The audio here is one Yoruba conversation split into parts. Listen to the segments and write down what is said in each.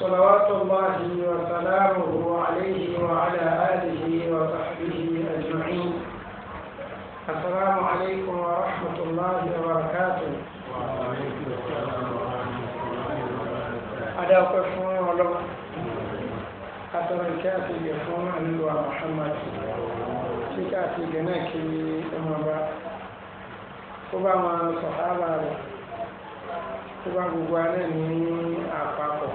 صلوات الله وسلامه عليه وعلى آله وصحبه أجمعين السلام عليكم ورحمة الله وبركاته أدعوك فون ولو أتركاتي بفون أنه محمد síkàtì gánà kiri ọmọba kó bá wọn sọ̀hábà rẹ̀ kó bá gbogbo alẹ́ ní àpapọ̀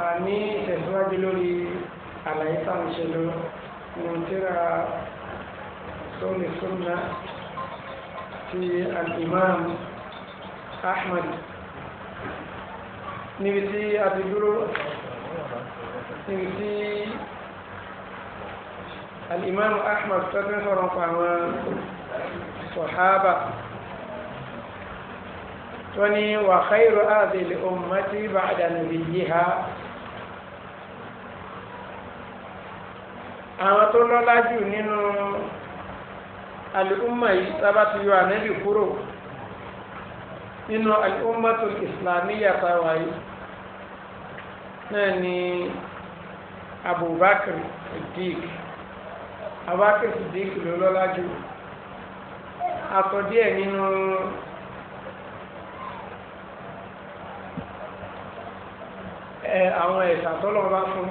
a ní ìtẹ̀síwájú lórí àlàyé táwọn ìṣẹ̀lẹ̀ ohun tíra sọ́ọ̀lì súnmọ́ ti al-imam ahmad níbi tí a ti dúró níbi tí al-imam tó ti ń sọ̀rọ̀ pa àwọn sọ̀hábà tó ní wà khairu adìl ummati ba'da nabiyyiha àwọn tó lọ́lá jù nínú al'umma yìí sábà ti yọ ànábì kúrò nínú al'ummatul islamiyya táwa yìí náà ni abubakar siddiq abubakar siddiq ló lọ́lá àtọ̀ díẹ̀ nínú. àwọn ẹ̀sà tọ́lọ́ bá fún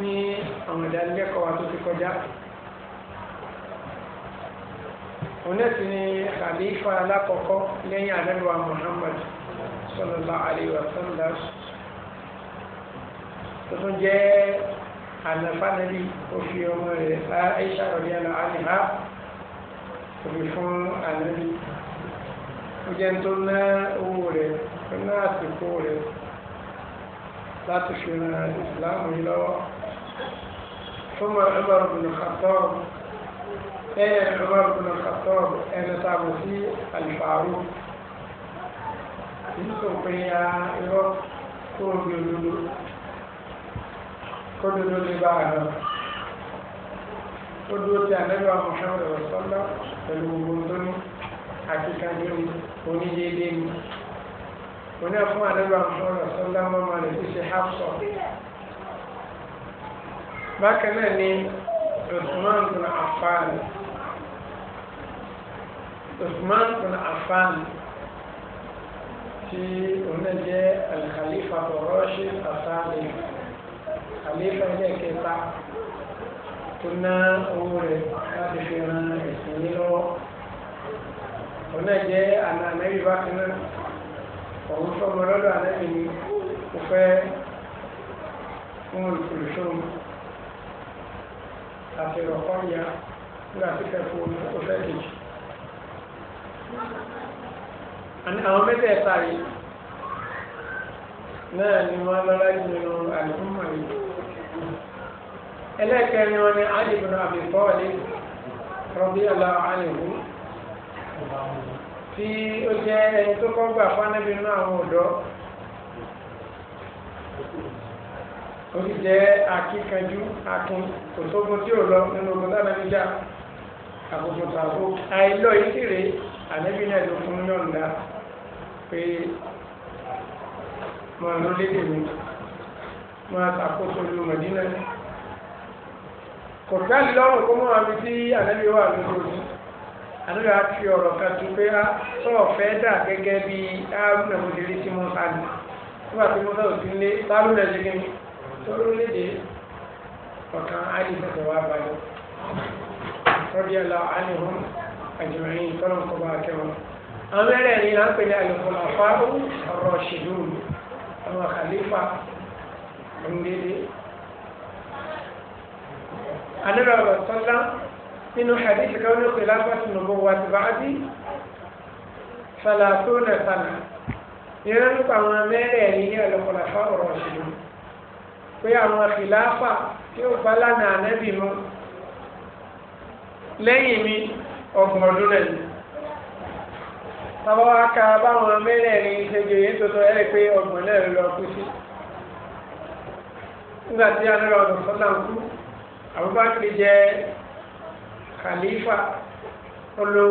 ní àwọn ìdánilẹ́kọ̀ọ́ wa tó ti kọjá onẹ́sì ni khalifa alákọ̀ọ́kọ́ lẹ́yìn àdẹ́lùwà Muhammad sallallahu alaihi wa sallam tó tún jẹ́ ànàfánàbí òfin ọmọ rẹ̀ Aisha radiyallahu anha òfin fún ànàbí ó jẹ́ tó ná owó rẹ̀ tó ná àsìkò rẹ̀ láti fi ran ìsìláàmù yìí lọ́wọ́ fúnmọ̀ Umar bin Khattab lẹ́yìn Umar bin Khattab ẹni tá a mọ̀ sí Al-Faruq kìí sọ pé ya irọ́ tó ń gbé lulu kó dodo lè bá a lọ ó dúró ti àlẹ́bà Muhammad rẹ̀ sọ́lá pẹ̀lú gbogbo tó ní àti kan ní onídéédéé oní ẹ̀fún àdébà mọ́nà sọ́lá mọ́mọ́ rẹ̀ ti ṣe hafsọ. bákan náà ni Usman bin Affan Usman bin Affan tí oní jẹ́ al-Khalifa rọ́ṣì àtàlẹ́ khalifa ilé kẹta tó ná owó rẹ̀ láti fi ran ẹ̀sìn yìí lọ́wọ́ oní jẹ́ bákan náà òun sọmọ lọ́dọ̀ àlẹ́yìn ni kò fẹ́ fún olùsòlùsòrò àti ìrọ̀kọ́ ya nígbà tí kẹfù omi kò fẹ́ kejì. àwọn mẹ́tẹ̀ẹ̀ta yìí náà ni wọ́n lọ́lá nínú àlùkùnmọ̀ yìí ẹlẹ́kẹ̀rin wọn ni Ali ibn Abi Talib radiyallahu anhu tí ó jẹ́ ẹni tó kọ́ gbà fánẹ́bí nínú àwọn ọ̀dọ́ ó sì jẹ́ akíkanjú akun òṣogun tí ò lọ nínú ogun tá nàbí jà àkókò tààbó àìlọ yìí sì rèé ànẹ́bí náà ló fún yọ̀ǹda pé mọ̀ ló lédè mi máa ṣàkóso ìlú mẹ̀dínà kò ká lọ́rùn kó mọ́ àmì tí ànẹ́bí wà lójoojúmọ́ àdúrà fi ọ̀rọ̀ kan tún pé á ah, sọ̀rọ̀ fẹ́ dà gẹ́gẹ́ bí áàrùn ẹ̀mọ́ ti rí sí mọ́tà ni nígbà tí mọ́tà ò sí lé bárùn ẹ̀ ṣe kíni tóró léde ọ̀kan áìsẹ̀tẹ̀ wá balẹ̀ rọ́bì ẹ̀la ánìhùn àjùmọ̀yìn tọ́lọ̀ kọ́ bá kẹwọn. àwọn mẹ́rẹ̀ ni à ń pè ní àlùkòlà fáwọn ọ̀rọ̀ ṣèlú àwọn àkàlífà ọ̀ndẹ́dẹ́. àdúrà ọ̀rọ̀ nínú hadith kan ní kìláfà tìǹbù wà tìbáàdì sàlàtò nà sàlà ìran nípa àwọn mẹ́rẹ̀ẹ̀rin ní ọ̀lọ́kọ̀lá fáwọ̀rọ̀ ṣùgbọ́n pé àwọn kìláfà tí ó bá lánàá ànábì mọ́ lẹ́yìn mi ọgbọ̀n ọdún rẹ̀ ni bàbá wa ka báwọn mẹ́rẹ̀ẹ̀rin ìṣèjì yìí tuntun ẹ̀ pé ọgbọ̀n náà lọ kú sí nígbà tí anára ọ̀dọ̀ sọ́nà kú àbúkọ́ àti jẹ́ kàlífà olo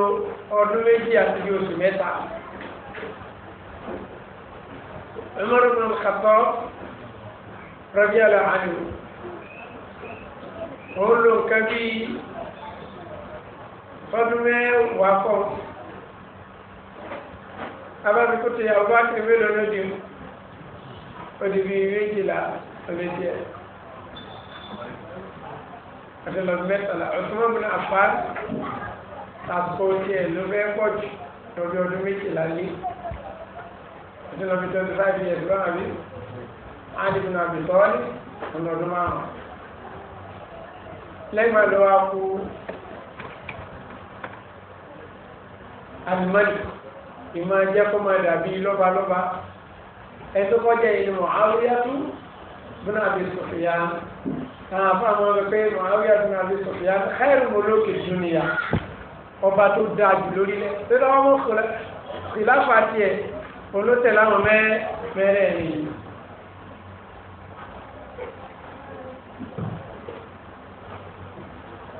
ọdún méjì àti bí oṣù mẹ́ta Umar ibn al-Khattab radiyallahu anhu òun ló nǹkan bí ọdún mẹ́wàá kọ́ abáfikútù yà ọba kẹfẹ́ lọ́nà dì ó di bí àti lọ́dún mẹ́tàlá Usman bin Affan àsọ tiẹ̀ ló fẹ́ pọ̀ jù lọ́dún ọdún méjìlá lé àti lọ́dún twenty five years lọ́wọ́ àbí Ali bin Abi Talib ọ̀nà ọdún márùn-ún lẹ́yìn àlọ́ wa kú alimọ́lì ìmọ̀ ẹ̀jẹ̀ kó máa dàbí lọ́balọ́ba ẹ̀ tó kọjá ìlú Muawiyah bin Abi Sufyan àwọn afáàmọ́ rẹ̀ pé mọ̀háwí àdúrà lè sọ fìyà hẹ́rù mọ́lókè dúnìyà ọba tó dáa jù lórílẹ̀ pé lọ́wọ́ mọ́ kọ́lẹ́ ìláfà tiẹ̀ olótẹ̀ láwọn mẹ́rẹ̀ rìn.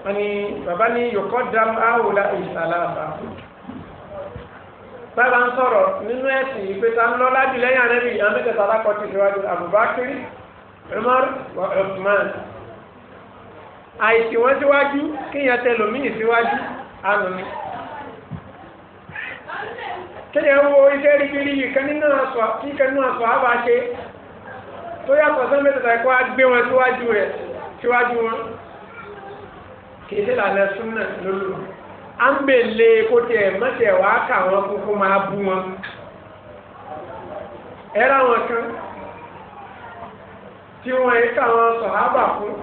wọ́n ní bàbá ní yòókọ́ dam áwòlá ìsàlàfà bàbá ń sọ̀rọ̀ nínú ẹ̀sìn ìpè tá ń lọ lájú lẹ́yìn àrẹ́bí àmì kẹta alákọ̀ọ́tì ìṣèwádìí Umar wa Uthman àìsí wọn síwájú kéèyàn tẹlòmíì síwájú àrùn ni kéèyàn wo iṣẹ́ ribiri ìkan nínú àṣọ àbá ṣe tó yàtọ̀ sọ mẹ́tẹ̀ẹ̀ta ẹ̀kọ́ á gbé wọn síwájú rẹ̀ síwájú wọn kì í ṣe lànà súnà lólu à ń bèlè kó tiẹ̀ mọ́tẹ̀ wá kà wọ́n kúkú máa bú wọn ẹ̀rọ àwọn kan tí wọ́n yẹ káwọn sọ̀hábà fún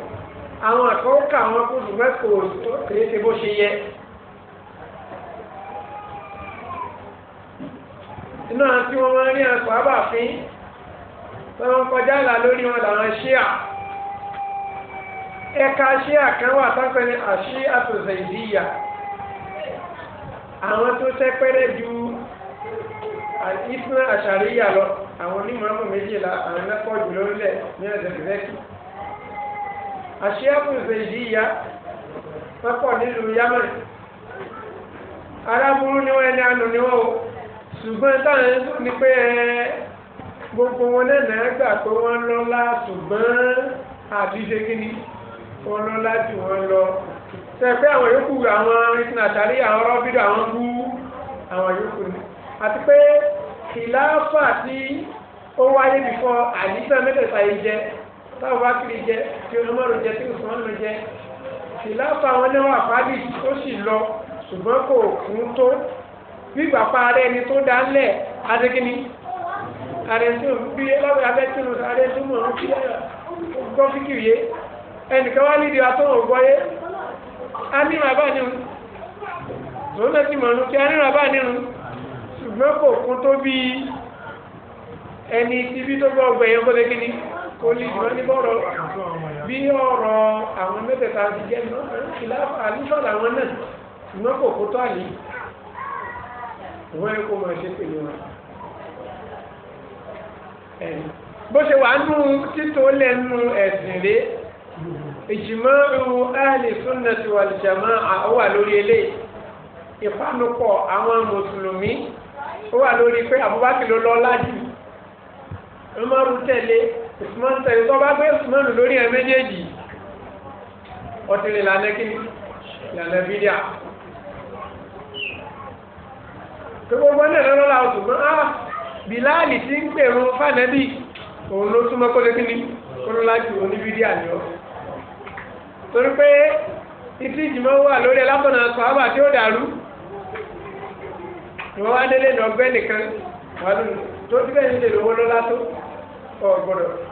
àwọn àkọ́kọ́ àwọn kò dùn mẹ́kò kìí ṣe bó ṣe yẹ inú àwọn tí wọ́n máa rí àpò àbàfin tí wọ́n kọjá là lórí wọn làwọn ṣíà ẹ̀ka ṣíà kan wà tápẹ́ ní àṣí àtòsẹ̀ ìdíyà àwọn tó sẹ́pẹ́rẹ́ ju ìfún àṣàríyà lọ àwọn onímọ̀ ọmọ méjìlá àwọn mẹ́kọ̀ọ́ jù lórílẹ̀ ní ọ̀sẹ̀ àṣíyàbù ìfèjìyà pẹ́pọ̀ nílùú yámẹ́ aráburú ni wọ́n ẹni ànú ni wọ́n o ṣùgbọ́n táwọn ẹni tó ní pé gbogbo wọn náà náà gbà pé wọ́n lá ṣùgbọ́n àbíṣe kíni wọ́n lọ́lá jù wọ́n lọ sẹ́pẹ́ àwọn yòókù àwọn ìsìn àtàrí àwọn rọ́bìdì àwọn bú àwọn yòókù ni àti pé kìláfà tí ó wáyé bìfọ́ àdìsán mẹ́tẹ̀ẹ̀ta yìí jẹ́ táwọn bá kiri jẹ tí ọmọrò jẹ tí òsùn ọmọ jẹ ìlàpá àwọn oníwà fàálì tó sì lọ ṣùgbọ́n kò kún tó gbígbà pa ara ẹni tó dá ńlẹ̀ adékíní àrẹ̀sí òun bí lábẹ́ abẹ́tìrù àrẹ̀sí mọ̀ ọ́n kí gbọ́ fíkìrì yé ẹnìkan wá lídìí atọ́wọ̀n gbọ́ yé a ní ràbá nírun tòun náà ti mọ̀ ọ́n kí a ní ràbá nírun ṣùgbọ́n kò kún tó bí ẹni tí bí tó gbọ́ ọgbẹ̀yẹn kó lé kíní kò lè jùlọ ní bọ́rọ̀ bí ọ̀rọ̀ àwọn mẹ́tẹ̀ẹ̀ta ti jẹ́ àlùfọ́ làwọn náà ṣùgbọ́n kò kó tó àlè wọ́n kó máa ṣe pẹ̀lú wọn. bó ṣe wà nù títò lẹ́nu ẹ̀sìn rẹ̀ ìjìmọ̀ ìwò ahli sunnati wal jama'a ó wà lórí eléyìí ìpanupọ̀ àwọn mùsùlùmí ó wà lórí pé Abubakar ló lọ́ọ́ lájú Umaru tẹ̀lé usman sẹ́yìn tó bá gbé usman lórí ẹ̀ méjèèjì ọtí lè lànà kíni lànà bídíà gbogbo náà lọ́nà la ṣùgbọ́n á ah, bìláàlì tí ń pèrún fànẹ́bì òun ló súnmọ́ kó lé kíni kó ló lájú oníbídíà ni ó torí pé títí ìjìmọ̀ wà lórí ẹ̀ látọ̀nà sọ́ábà tí ó dàrú wọ́n wá délé ní ọgbẹ́ nìkan wàá lónìí tó ti bẹ́ẹ̀ ní lè lówó lọ́lá tó ọ̀gbọ́dọ̀.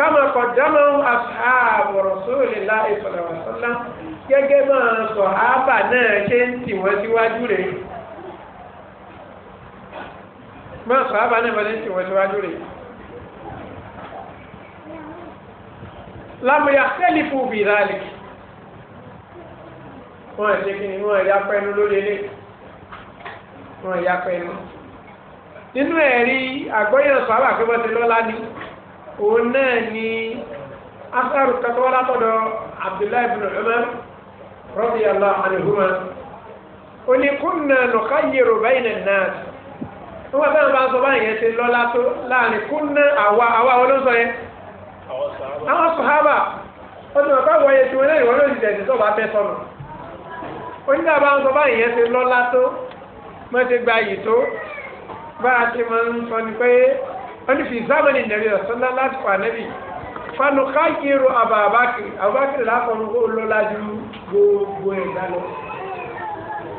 kama kọjọ́mọ́ aṣáàbù rasulillahi sallallahu alaihi wasallam gẹ́gẹ́ máa sọ ábà náà ṣe ń tì wọ́n síwájú rẹ̀ máa sọ ábà náà ṣe ń tì wọ́n síwájú rẹ̀ lámúyà sẹ́lífù bìrálì wọ́n ṣe kí ni wọ́n ya pẹ́nu lórí ilé wọ́n ya pẹ́nu nínú ẹ̀rí àgbọ́yẹ̀ sọ ábà pé wọ́n ti lọ́lá ni òun náà ni asaru katawala tọ̀dọ̀ abdullahi bin umar radiyallahu anhuma ó ní kunna nukhayyiru bayna an-nas wọn bá ń bá sọ báyìí yẹn ti lọ́lá tó láàrin kunna àwa àwa olóńsọ yẹn àwọn sàhábà ó ti mọ̀ pé àwọn ẹ̀sìn wọn náà ìwọ́n ló ti dẹ̀ tó bá fẹ́ sọnù onígbà bá ń sọ báyìí yẹn ti lọ́lá tó mọ́ ti gba yìí tó bá ti máa ń sọ ni pé wọ́n ní fi zamani nàbí ọ̀sán láti fà nàbí fanu káyìrò àbàbákiri àbàbákiri láfọ̀nù kó lọ lájú gbogbo ẹ̀dá lọ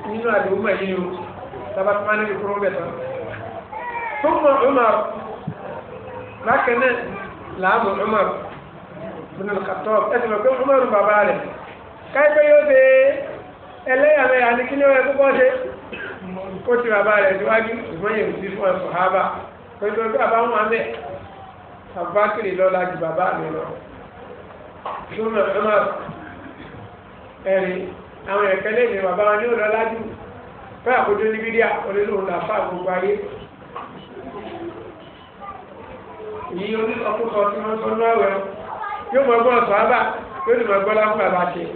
nínú àdéhùn mẹ́yìn o tabatuma níbi kúrò bẹ̀tọ̀ tó mọ̀ Umar bákan náà làámù Umar bùnú kàtọ́ ẹ̀sìn ọ̀pẹ́ Umar bàbá rẹ̀ káyipẹ́ yóò ṣe ẹlẹ́yàmẹ̀yà ní kí ni ó yẹ kó bọ́ ṣe ó ti bàbá rẹ̀ síwájú ìgbọ́nyẹ̀ òsì fún ẹ̀sùn hábà pẹ̀lú bí bàbá wọn mẹ́ bàbá kiri lọ́la ju bàbá mi lọ lónà ọmọ ẹ̀rìn àwọn ẹ̀kẹ́ lẹ́yìn bàbá wọn ní ò lọ́la jù fẹ́ àkójọ níbi díà olólùwọ̀n là fà gbogbo ayé èyí onísọkúsọ tí wọ́n sọ ní àwẹ̀ yóò mọ gbọ́n sọ ábà yóò ní mọ gbọ́n lá fún bàbá tiẹ̀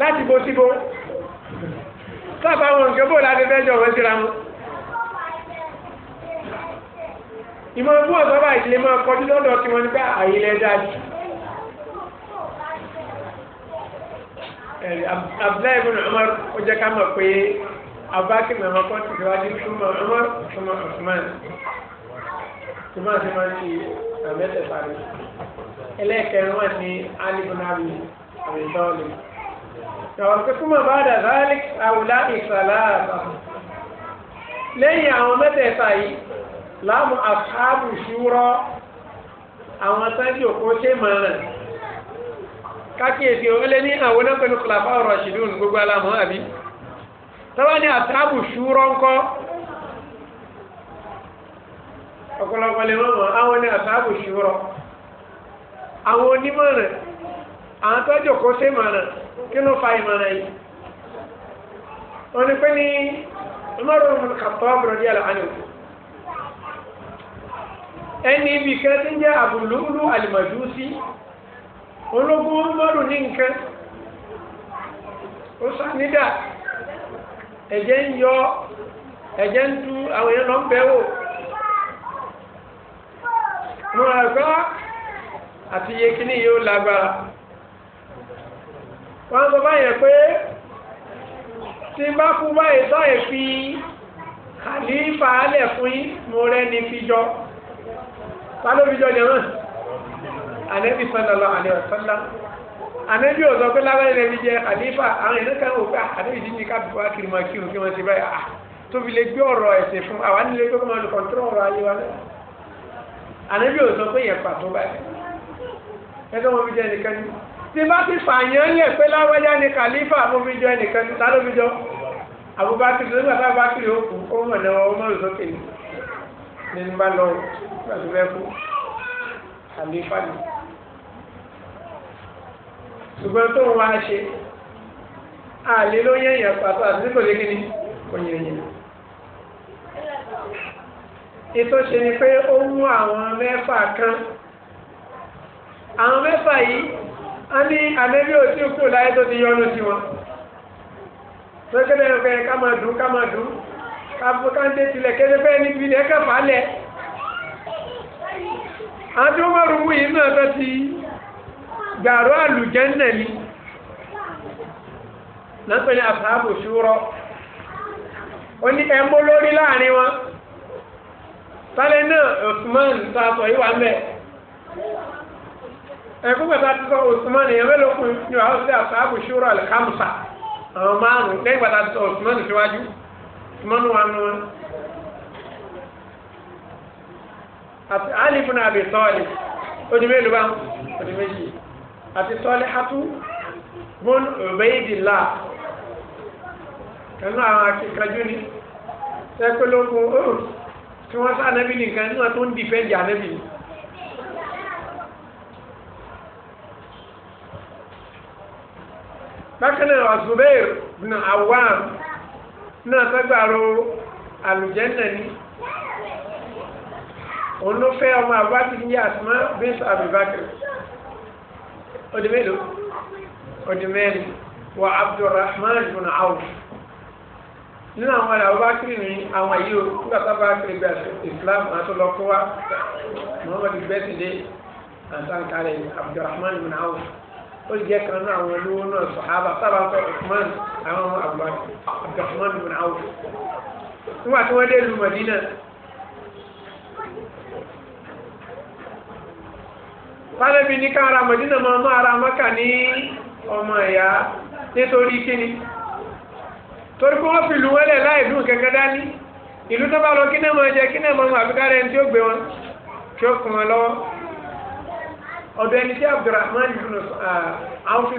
láti bo síbo sábà wọn kẹ́ bó la ti fẹ́ jọ wọ́n síra wọn. ìmọ̀ bú ọ̀gá báyìí lè máa kọjú lọ́dọ̀ kí wọ́n ní pé àyè lẹ́ dájú. Abdullahi ibn Umar ó jẹ́ ká mọ̀ pé abáàkì mẹ́mọ́ kan ti síwájú súnmọ́ Umar súnmọ́ Usman súnmọ́ sí máa ń fi àmẹ́tẹ̀ parí. ẹlẹ́ẹ̀kẹrin wọn ni Ali ibn Abi Abi Talib. Ìyàwó pé kúmọ̀ bá dà záálí àwùlá ìsàlá àbá. lẹ́yìn àwọn mẹ́tẹ̀ẹ̀ta yìí láàmú àfáàbù ṣúrọ́ àwọn sáájú òkú ṣe mọ̀ràn kákíyèsí orílẹ̀ ní àwọn onápẹ̀lú kìlàfà ọ̀rọ̀ ṣìlún gbogbo alámọ́ àbí tọ́wọ́ ní àfáàbù ṣúrọ́ ńkọ́ ọ̀pọ̀lọpọ̀ lè mọ̀ àwọn ní àfáàbù ṣúrọ́ àwọn onímọ̀ràn àwọn tọ́jú òkú ṣe mọ̀ràn kí ló fa ìmọ̀ràn yìí wọ́n ní pé ní Umar ibn Khattab radiyallahu ẹni ibi kan tí ń jẹ́ àbùlùlù àlìmọ̀dúsí ológun mọ́rùn ní nǹkan ó sànídà ẹ̀jẹ̀ ń yọ ẹ̀jẹ̀ ń tú àwọn èèyàn lọ ń bẹ̀ wò mo rà gbá àti iye kíní yóò lágbára wọ́n sọ báyẹn pé tí bá kú báyìí sọ èfi khalifa alẹ̀ fún yín mo rẹ́ ní ta ló fi jọ jẹ náà ànẹ́bí sallallahu alaihi wasallam ànẹ́bí ọ̀sọ́ pé lábẹ́rẹ́ rẹ̀ fi jẹ àlífà àwọn èèyàn kan ò pé ah, ànẹ́bí ti ní ká bí wàá kiri máa kiri kí wọ́n ti báyà á ah, tóbi lè gbé ọ̀rọ̀ ẹ̀sìn fún àwa nílé pé kó máa lu kọ̀ǹtírọ̀ ọ̀rọ̀ ayé wa náà ànẹ́bí ọ̀sọ́ pé yẹn pàtó báyìí ẹjọ́ mo fi jẹ nìkan ni tí bá ti fààyàn lẹ̀ pé lábẹ́rẹ́ ní kàlífà mo fi jọ nìkan ni ta ló fi jọ Abubakar nígbà tá a bá kiri ní nígbà tó fẹ́ kú àlééfà ni ṣùgbọ́n tó ń wá ṣe àlè ló yẹ èèyàn pàtó àti tí kò lé kíni kò yẹ èèyàn. ètò ṣe ni pé ó mú àwọn mẹ́fà kan àwọn mẹ́fà yìí a ní ànẹ́bí òsì kù láyé tó ti yọnu sí wọn lọ́kẹ́lẹ́ ọ̀kẹ́ ká máa dùn ká máa dùn ká bó ká ń dé tilẹ̀ kéde bẹ́ẹ̀ níbi ilẹ̀ kẹfà lẹ̀ àti wọ́n mọ̀rún wí náà fẹ́ ti gàrú àlùjẹ́ńdẹ̀ ni lọ́pẹ́ ní àfààbò ṣúrọ́ ó ní ẹmọ́ lórí láàrin wọn tálẹ́ náà Usman tààtọ̀ ìwà mẹ́ ẹ̀kú pẹ̀lú àti sọ Usman èèyàn mélòó kù ní wàá sí àfààbò ṣúrọ́ al-khamsa àwọn márùn-ún lẹ́yìn pàtàkì sọ Osman síwájú Usman wà nù wọn. àti Ali ibn Abi Talib odi mélòó bá odi méjì àti Talihatu bun Ubaydillah kanú àwọn akíkanjú ni sẹ́kọ̀lógún ó tí wọ́n sá anábì nìkan ní wọn tó ń dìfẹ́ǹdì anábì ni. bákan náà Zubair náà sẹ́gbàrò àlùjẹ́ náà òun ló fẹ́ ọmọ àbúrátì ní àsìmọ́ bíṣọ àbíbákẹ́ ọdún mélòó ọdún mẹ́rin wà abdulrahman ibn awf nínú àwọn ará abubakar ní àwọn yìí ó nígbà tá a bá kiri gba islam àtọlọkọ wa muhammad gbẹsìdé àtàkàrẹ abdulrahman ibn awf ó jẹ kan náà àwọn olówó náà sọhábà sábà sọ usman àwọn abubakar abdulrahman ibn awf nígbà tí wọn dé lu madina. sábẹ́bí ní ká ara mọ̀dínà máa má ara mọ́kà ní ọmọ ẹ̀yà nítorí kíni torí pé wọ́n fi ìlú wọn láì dùn dání ìlú tó bá lọ kí náà máa jẹ kí náà máa mọ ẹni tí ó gbé wọn tí ó kàn wọn lọ́wọ́ ẹni tí Abdulrahman àwọn fi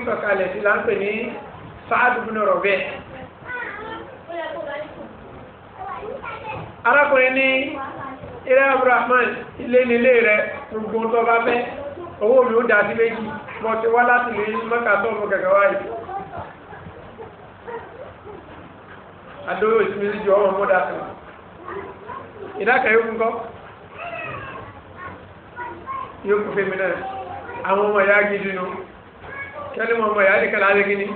sí ní owó mi ó da sí méjì mo ti wá láti lè mọ́ka tó ọmọ gàgà wáyé. adóyò ìsinmi sí ju ọmọ mọ́dà sí wọn. ìdáka yóò kún kọ́ yóò kún fèmí náà àwọn ọmọ ìyá gidi nù kẹ́lí mọ ọmọ ìyá nìkan láti gidi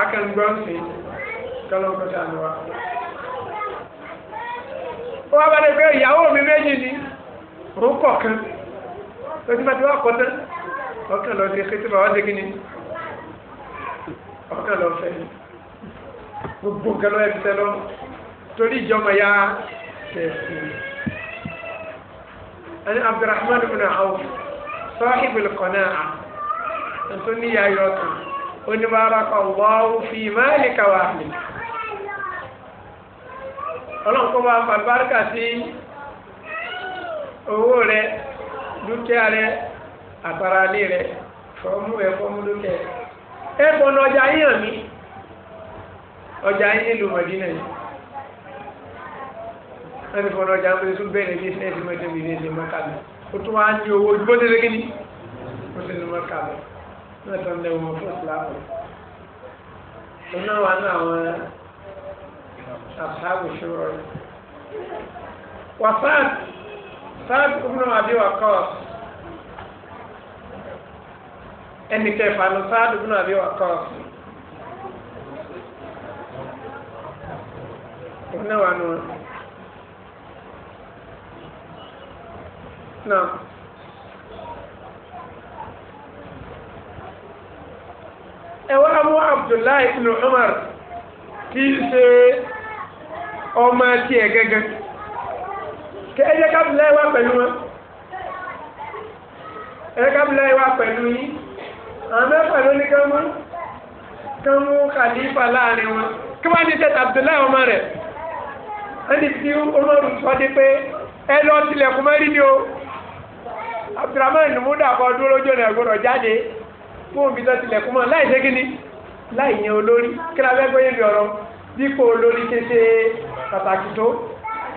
akẹ́ngbọ́nsìn kọ́lọ́ kọ́ta àná wa wọ́n bá lè gbé ìyàwó mi méjì ní orúkọ kan lọ́sí bá ti wá kọ́ tán ọkàn lọ sí kété bàbá ṣe kíni ọkàn lọ fẹ́ gbogbo nǹkan lọ́wọ́ ẹ̀fẹ́ lọ torí ìjọba ya tẹ̀sí. ani abdulrahman bin awf sahib al-qana'a tó ní ya yọ tó ó ní baraka Allahu fi malika wa ahlika ọlọ́nkọ́ bá fa bárkà sí owó rẹ̀ dúkìá rẹ àtàrà ilé rẹ fọmú rẹ fọmú dúkìá rẹ ẹ gbọ́dọ̀ ọjà yín hàn mí ọjà yín nílùú mọ̀dínà yìí wọ́n ti fọ̀nà ọjà ńpẹ́sẹ̀ tún bẹ̀rẹ̀ bísíǹsì mọ́tò bísíǹsì mọ́kà lọ ó tún wá ní owó ojú bó ti lé ó ti ní mọ́kà lọ náà tó ń lẹ́wọ̀n fún ìsìláàmù òun náà wà ní àwọn àṣàbùsùn rẹ̀ wàsáàtì. Sa'ad ibn Abi Waqqas ẹnì kẹfà ní Sa'ad ibn Abi Waqqas ìpínlẹ̀ wà nù. Náà. ẹ wá mú Abdullahi ibn Umar ṣe ẹ jẹ́ kábìlẹ̀ wá pẹ̀lú wọn ẹ jẹ́ kábìlẹ̀ wá pẹ̀lú yìí àwọn mẹ́fà ló ní kán mú kán mú kàlífà láàrin wọn kí wọ́n ní tẹ́tà Abdullahi ọmọ rẹ̀ ẹni tí Umaru sọ dé pé ẹ lọ tilẹ̀kùn mẹ́rí ni o Abdulrahman numuda kọ dúró lójú ọ̀nà ẹ̀gbọ́dọ̀ jáde fún òbí tó tilẹ̀kùn mọ́ láì ṣe kí ni láì yan olórí kí la fẹ́ gbóyè bí ọ̀rọ̀ dípò olórí ṣe ṣe pàtàkì tó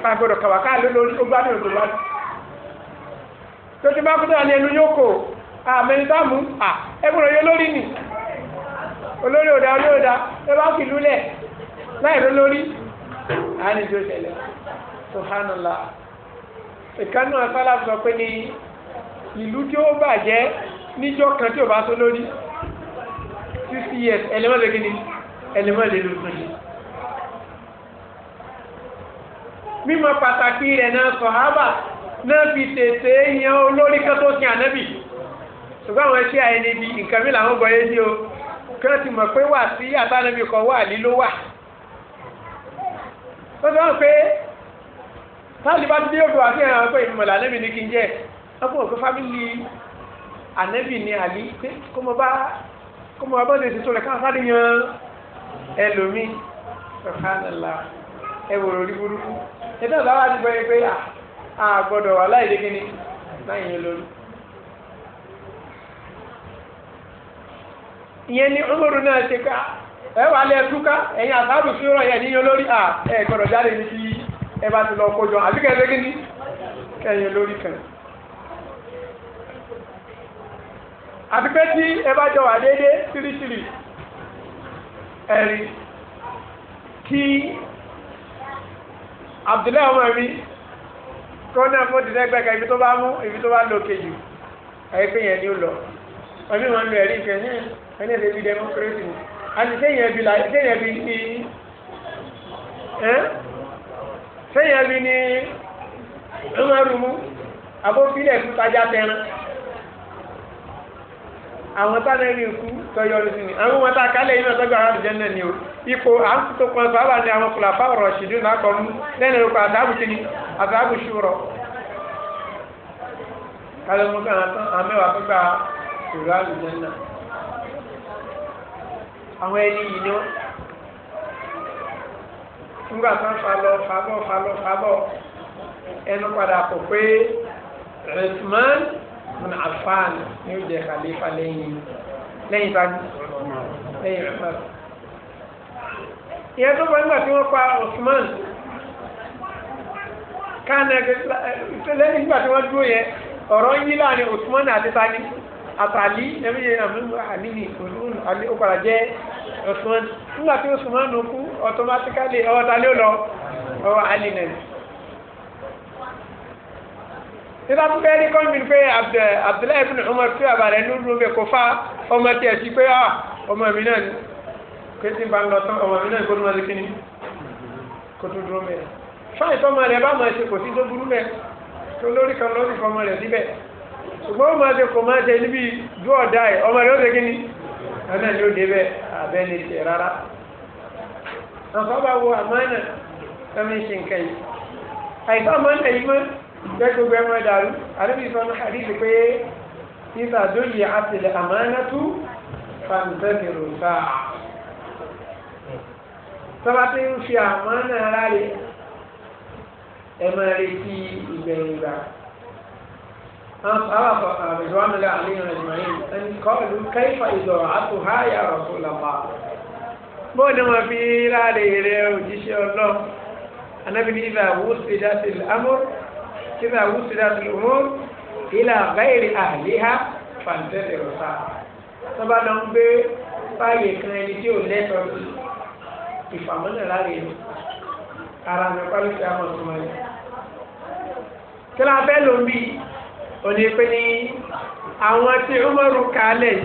máa gbọ́dọ̀ kàwá káàlú lórí ó gbádùn òdò wá tó ti bá kúta ní ẹnu yóò kò àmẹnitámù à ẹgbẹ̀rún yóò lórí nì olórí òdà olórí òdà ẹ bá fi lúlẹ̀ láì ró lórí àánì tó ṣẹlẹ̀ subhanallah ìkànnì asálà sọ pé ní ìlú tí ó bàjẹ́ níjọ́ kan tí ò bá tó lórí sixty years ẹlẹ́mọ̀lẹ́gẹ́ni ẹlẹ́mọ̀lẹ́lẹ́lẹ́lẹ́ mímọ̀ pàtàkì rẹ̀ náà sọ̀hábà náà fi tètè yan olórí kan tó sin ànábì ṣùgbọ́n àwọn iṣẹ́ àyẹ̀ni ibi nǹkan mi làwọn gbọ́ yé ní o kí wọ́n ti mọ̀ pé wà sí àtànábì kan wà líló wà. ó sọ pé táàlì bá ti dé òdo àti ẹ̀rọ pé ìmọ̀lẹ̀ ànábì ní kí n jẹ́ wọ́n fún òkú fámìlì ànábì ní àlí pé kó mo bá kó mo bá lè ṣètò rẹ̀ káwọn sáré yan ẹlòmíì ṣọ̀hánàlá ẹ̀wòrò orí burúkú ètò ìgbà wa ti gbọ́ yẹn pé ah, a gbọ́dọ̀ wà láìdé kínní láyìn yẹn lórí. ìyẹn ni olóòrùn náà ṣe ká ẹ wà lẹ túká ẹ̀yin àtàbù sí ọ̀rọ̀ yẹn níyan lórí à ah, ẹ gbọ́dọ̀ jáde ní kí ẹ bá ti lọ kójọ àbí kẹfẹ kínní kẹyìn lórí kan. àti pé tí ẹ bá jọ wà déédéé sírísírí ẹ̀rí kí Abdullahi ọmọ mi kó náà fún ìdílẹ́gbẹ́ kan ibi tó bá mú ibi tó bá lò kejì ẹ̀yẹ pé yẹn ni ó lọ ọdún máa ń lo ẹ̀rí nǹkan yẹn hmm, ẹni ẹ̀rí ibi democracy ni àti sẹ́yìn ẹbí la sẹ́yìn ẹbí ni sẹ́yìn ẹbí ni ọmọ rúmú àbófilẹ̀ fún tajà tẹran. àwọn tánẹ́rì ikú tọ́yọ́ ní sinmi àwọn ọmọ tá a kálẹ̀ yìí náà tọ́jú àwọn àdìjẹ́ náà ni o ipò à ń tó kan sábà ní àwọn kùlàfà ọ̀rọ̀ ṣìdú náà kọ́ mú lẹ́nu ìrọ̀kọ̀ àdáàbò kìíní àdáàbò ṣùrọ̀ kálẹ̀ mú kàn án tó gba ni wọ́n fa lọ fa bọ́ fa lọ fa bọ́ ẹnu padà bin Affan ní ó jẹ́ khalifa lẹ́yìn lẹ́yìn tani lẹ́yìn Umar ìyẹn tó bọ́ nígbà tí wọ́n pa Usman kánà lẹ́yìn nígbà tí wọ́n dúró yẹn ọ̀rọ̀ yí láàrin Usman àti tani àtàlí ẹbí yẹn àmúlò àlìní òun àlì òkàrà jẹ́ Usman nígbà tí Usman kú automatically ọwọ́ tani lọ ọwọ́ àlìnà nígbà tó bẹ́ẹ̀ ní kọ́ mi pé Abdullahi ibn Umar pé àbàlẹ̀ nínú mi kò fa ọmọ tiẹ̀ sí pé ah, ọmọ mi náà kéde bá ń lọ tán ọmọ mi náà kó tó máa lékiní kó tó dúró mẹ́rin fáyì tọ́mọ rẹ̀ bá máa ṣe kò sí tó burú mẹ́ tó lórí kan lọ́sì fọmọ rẹ̀ síbẹ̀ ṣùgbọ́n ó máa ṣe kò máa ṣe níbi ju ọ̀dà ẹ̀ ọmọ rẹ̀ ó ṣe kíní ọ̀nà ni ó dé bẹ́ẹ̀ abẹ́ ní ṣe rárá àfọ́bàwọ̀ àmọ́ náà tọ́mí ṣe nǹkan yìí àìsàn àmọ́ náà yìí mọ́ pé gbogbo ẹmọ ẹ̀dàrú àdébí sọ ní àdíjì pé níta dóyè àtìlẹ̀ àmọ́nàtú fàǹtẹ́sìrò sáà sábà tí ń fi àmọ́nà ara rẹ̀ ẹmọ rẹ̀ sí ìgbẹ̀yìn gbà رضوان الله عليهم اجمعين ان قالوا كيف اذاعتها يا رسول الله bóòdù wọn fi ráàlì rẹ إذا وصلت الأمور إلى غير أهلها فانتظروا ساعة sábà lọ ń gbé fáyè kan ẹni tí ò lẹ́tọ̀ọ́ sí ìfàmọ́nà láre ní ara mi pálí sí àwọn ọ̀túnmọ́ yẹn. kí la fẹ́ ló ń bí òní pé ní àwọn tí ó mọ̀rù kálẹ̀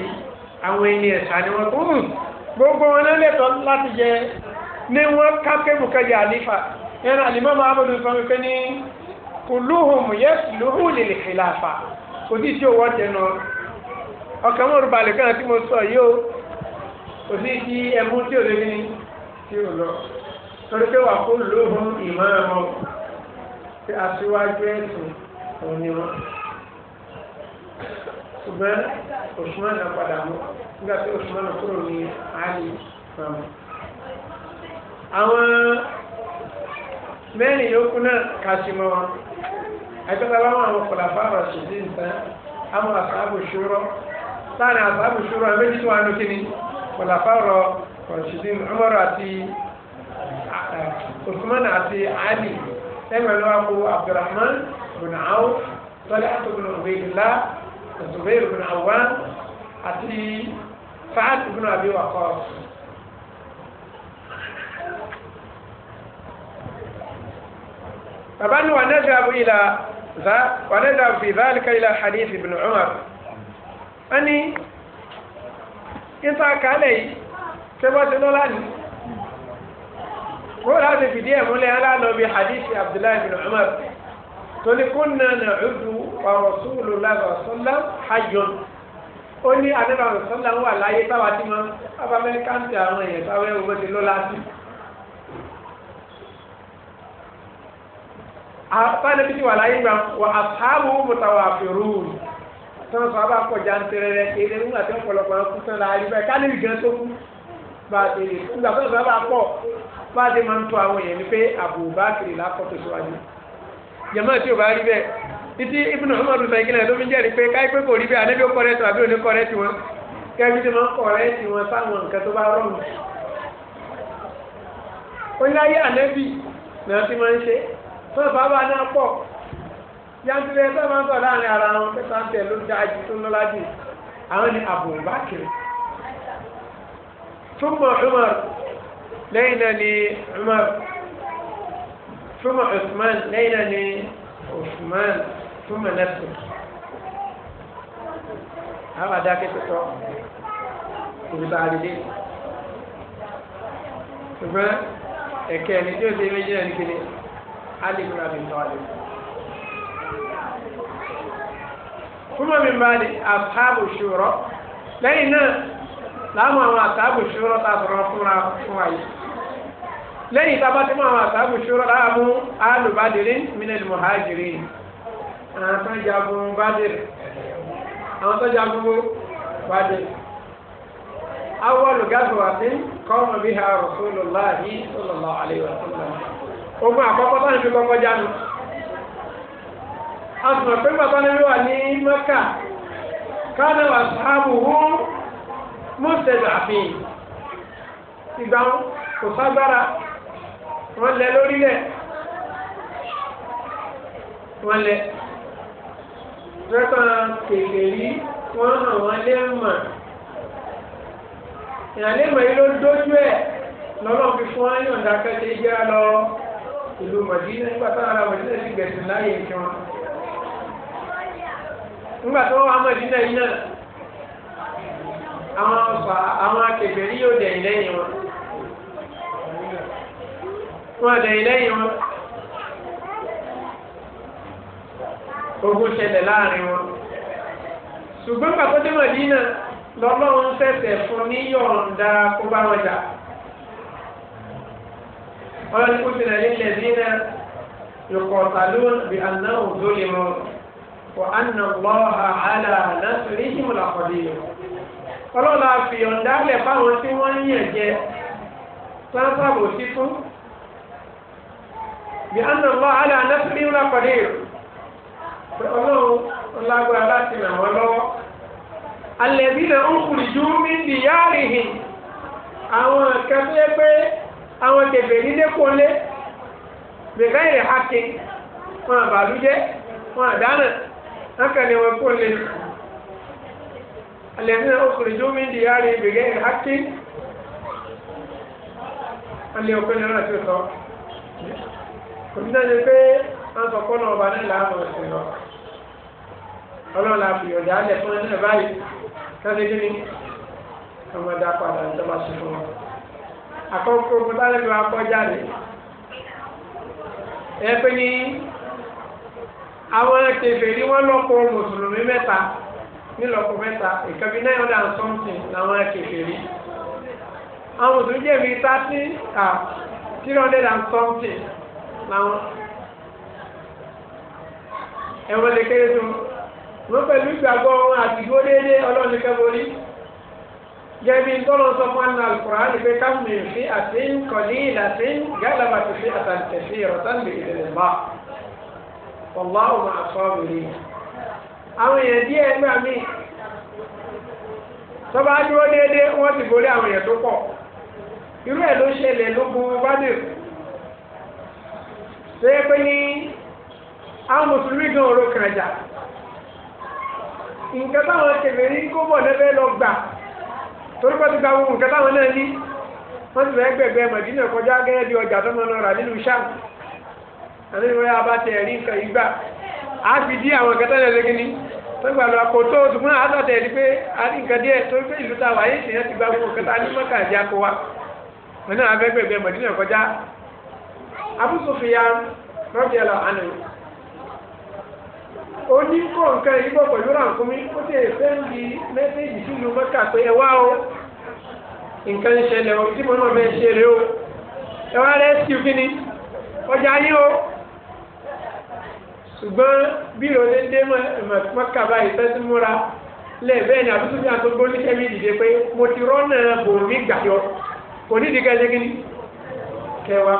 ni wọ́n kú gbogbo wọn náà lẹ́tọ̀ọ́ láti jẹ ní wọ́n ká kébùkẹ́ yà nífà ẹ̀rọ àlìmọ́ máa bọ̀ lóṣù fún mi pé ní kuluhum yasluhu lil khilafa kò sí tí owó tẹnu ọkàn mọ̀ rúbà lè kàn tí mo sọ yìí o kò sí tí ẹmú tí ò lè ní tí ò lọ torí pé wà kó lóhùn ìmọ̀ ẹ̀mọ́ tí aṣíwájú ẹ̀sìn òun ni wọn ṣùgbọ́n Usman náà padà mú nígbà tí Usman náà kúrò ní àlè àwọn mẹ́rin yòókù náà kàṣìmọ́ wọn ẹgbẹ́ bàbá wọn àwọn kọlàfà rọ̀ṣìdì nǹkan àwọn àṣàbù ṣúrọ̀ láàrin àṣàbù ṣúrọ̀ méjì tó wà ní kíni kọlàfà rọ̀ rọ̀ṣìdì Umar àti Usman àti Ali lẹ́gbẹ̀ẹ́ lọ́wọ́ kó Abdurrahman bin Awf tọ́lá àti bin Ubaydillah Zubair bin Awwan àti Sa'ad bin Abi Waqqas. bàbá ni wànẹ́dà fi dhalika ila hadith ibn umar wọ́n ní ìta kálẹ̀ yìí ṣé bọ́ ṣe lọ́la ni wọ́n láti fìdí ẹ̀ múlẹ̀ aláàlọ́ bíi hadith abdullahi ibn umar tó ní kunna na'udu wa rasulullahi sallam hajjun ó ní adébàmọ̀ sọ́lá wà láyé táwa ti mọ́ abamẹ́ríkà ń tẹ àwọn èèyàn táwọn ẹ̀wọ̀n ti lọ́la sí i. àtàlẹ́ bí ti wà láyé gbà wà àtàbù mutawafirun tán sọ abá kọjá ń tẹrẹ rẹ kéde nígbà tí ọ̀pọ̀lọpọ̀ ń kú tán láàyè báyìí ká níbi gan tó kú bá a ti lè nígbà tó sọ abá pọ̀ bá a ti máa ń tọ́ àwọn èèyàn ní pé Abubakar lákọ̀ tó síwájú jàmáà tí ò bá rí bẹ́ẹ̀ títí Ibn Umar sọ ìkílẹ̀ ló fi ń jẹ́rìí pé káyipẹ́ kò rí bẹ́ẹ̀ ànábi ó kọ́rẹ́tì àbí òní kọ́rẹ́tì wọn kẹ́bí tí wọ́n kọ́rẹ́tì wọn sáwọn nǹkan tó bá rọrùn. ó ní ayé ànábi náà ti máa ń ṣe náà bàbá náà pọ̀ yantilẹ ẹgbẹ máa ń sọ láàrin ara wọn pé sáńtẹ ló dáa jù tó lọ́lá jù àwọn ni Abubakar túmọ̀ Umar lẹ́yìn náà ni Umar túmọ̀ Usman lẹ́yìn náà ni Usman túmọ̀ nẹ́sù àwọn adáké tuntun ìgbà àdìdí ṣùgbọ́n ẹ̀kẹ́ ẹni tí ó ṣe méjì náà ní kíni. Ali bin Abi Talib. Fúnmọ́ mi máa di àbábò náà, láàmú àwọn tá a fúnra fún wa yìí. tí mo àwọn láàmú minel muhajiri. Àwọn tó jagun Àwọn tó jagun ogun àkọ́kọ́ tó ń fi kọ́kọ́ jánu a sì mọ̀ pé bàbá nílé wà ní mọ́kà káàdà wà sáàbù hún mọ́sẹ̀dà àfihàn ìgbà kò ságbára wọ́n lẹ lórílẹ̀ wọ́n lẹ rẹ́pà kèkèrí wọ́n hàn wọ́n lé mọ̀ ìyàlẹ́ mọ̀ yìí ló dójú ẹ̀ lọ́nà fi fún kẹ́kẹ́ jẹ́ lọ ìlú mọ̀dínà nígbà táwọn ará mọ̀dínà sì gbẹ̀sìn láàyè ìṣe wọn. nígbà tó wà mọ̀dínà yìí náà àwọn ọ̀fà àwọn akẹgbẹ́ yìí yóò dẹ̀yìn lẹ́yìn wọn. wọn dẹ̀yìn lẹ́yìn wọn. ogun ṣẹlẹ̀ láàrin wọn. ṣùgbọ́n pàtó dé mọ̀dínà lọ́lọ́run fẹ̀sẹ̀ fún níyọ̀ǹda kó bá wọn jà ọlọ́ni kó tilẹ̀ lílẹ̀ nínú ìkọ̀tàlún bí anáwó lórí mọ́ wà á nà lọ́ha àlà lásán ní ìhìmọ̀lá kọ̀dé ọlọ́la fi ọ̀ǹda lẹ̀ fáwọn tí wọ́n ń yàn jẹ sáńsàbò sí fún bí anáwó lọ́ha àlà lásán ní ìhìmọ̀lá kọ̀dé ọlọ́run ọlágbára láti ràn wọ́n lọ́wọ́ alẹ́bí náà ń kùrìjú mí dìyárìhìn àwọn kẹfẹ́ pé àwọn tẹ̀fẹ̀ nílé kólé bẹ̀rẹ̀ ìrẹ̀ hakin wọn àbàlújẹ́ wọn àdánà lákàní wọn kólé alẹ́mìnà okùnrin jómi ń di yára bẹ̀rẹ̀ ìrẹ̀ hakin alẹ́ òkú ni wọn ti sọ òbí náà ṣe pé wọn sọ kọ́nà ọba náà láàmú ọ̀sìn lọ ọlọ́run la fi ọ̀dà alẹ̀ fún ẹ náà báyìí kí wọ́n ṣe kí ni ọmọdé apàdà ìjọba ṣe fún wọn àkọ́kọ́ ogun tálẹ́bí wa kọ́ jáde ẹ pé ní àwọn kèfèrí wọn lọ́kọ mùsùlùmí mẹ́ta nílọ́kọ mẹ́ta ìkẹ́bí náà yọ̀dà something làwọn kèfèrí àwọn mùsùlùmí jẹ́ mi thirty à three hundred and something làwọn ẹ̀wọ̀n lè kéré tó wọ́n pẹ̀lú ìgbàgbọ́ wọn àti dúró déédéé ọlọ́run ní kẹ́bọ̀rí gẹ́gẹ́ tọ́lọ́ sọ fún ẹnu alukura ni pé ká mi fi àti kọ̀lí ìlàtí gálàbà ti fi àtàntẹ̀sí ìrọ̀tàn lè ìdílé bá ọ̀la ọ̀ma àtọ́wò rí. àwọn èèyàn díẹ̀ gbà mí tọ́ba dúró déédéé wọ́n ti borí àwọn èèyàn tó pọ̀ irú ẹ̀ ló ṣẹlẹ̀ lógun bádìr ṣé pé ní àwọn mùsùlùmí gan oró kan nǹkan táwọn kèmẹ́rí kó bọ̀ lẹ́fẹ̀ẹ́ lọ gbà torí pé ti gba ohun nǹkan táwọn náà ní wọ́n ti fẹ́ gbẹ̀gbẹ́ mọ̀dínà kọjá gẹ́gẹ́ bí ọjà tó máa ra nínú sáà àti ìwé abáṣẹ ẹ̀rí nǹkan ìgbà á fi dí àwọn nǹkan tẹ́lẹ̀ lẹ́gẹ́ni tó gbà lọ kò tó ṣùgbọ́n àtọ̀tẹ̀ ẹ̀rí pé a ní nǹkan díẹ̀ torí pé ìlú ta wáyé ìṣẹ̀yẹ́ ti gba gbogbo nǹkan ní mọ́kà oníkó nǹkan ìbọ̀ pẹ̀lú ràǹkúmí ó sì fẹ́ ń di mẹ́sẹ̀jì sílùú mọ́kà pé ẹ wá o nǹkan ń ṣẹlẹ̀ o tí mo náà fẹ́ ṣe rè o ẹ wá rẹ́síù kí ni ọjà yín o ṣùgbọ́n bí ìrọ̀lẹ́ dé mọ́kà báyìí fẹ́ sí múra lẹ́ẹ̀bẹ́ẹ̀ ni àbúrò bí àtúgbò ní kẹ́mi dìde pé mo ti rọ́nà bòmí gbàyọ kò ní ìdíkẹ́ ṣe kí ni kẹwàá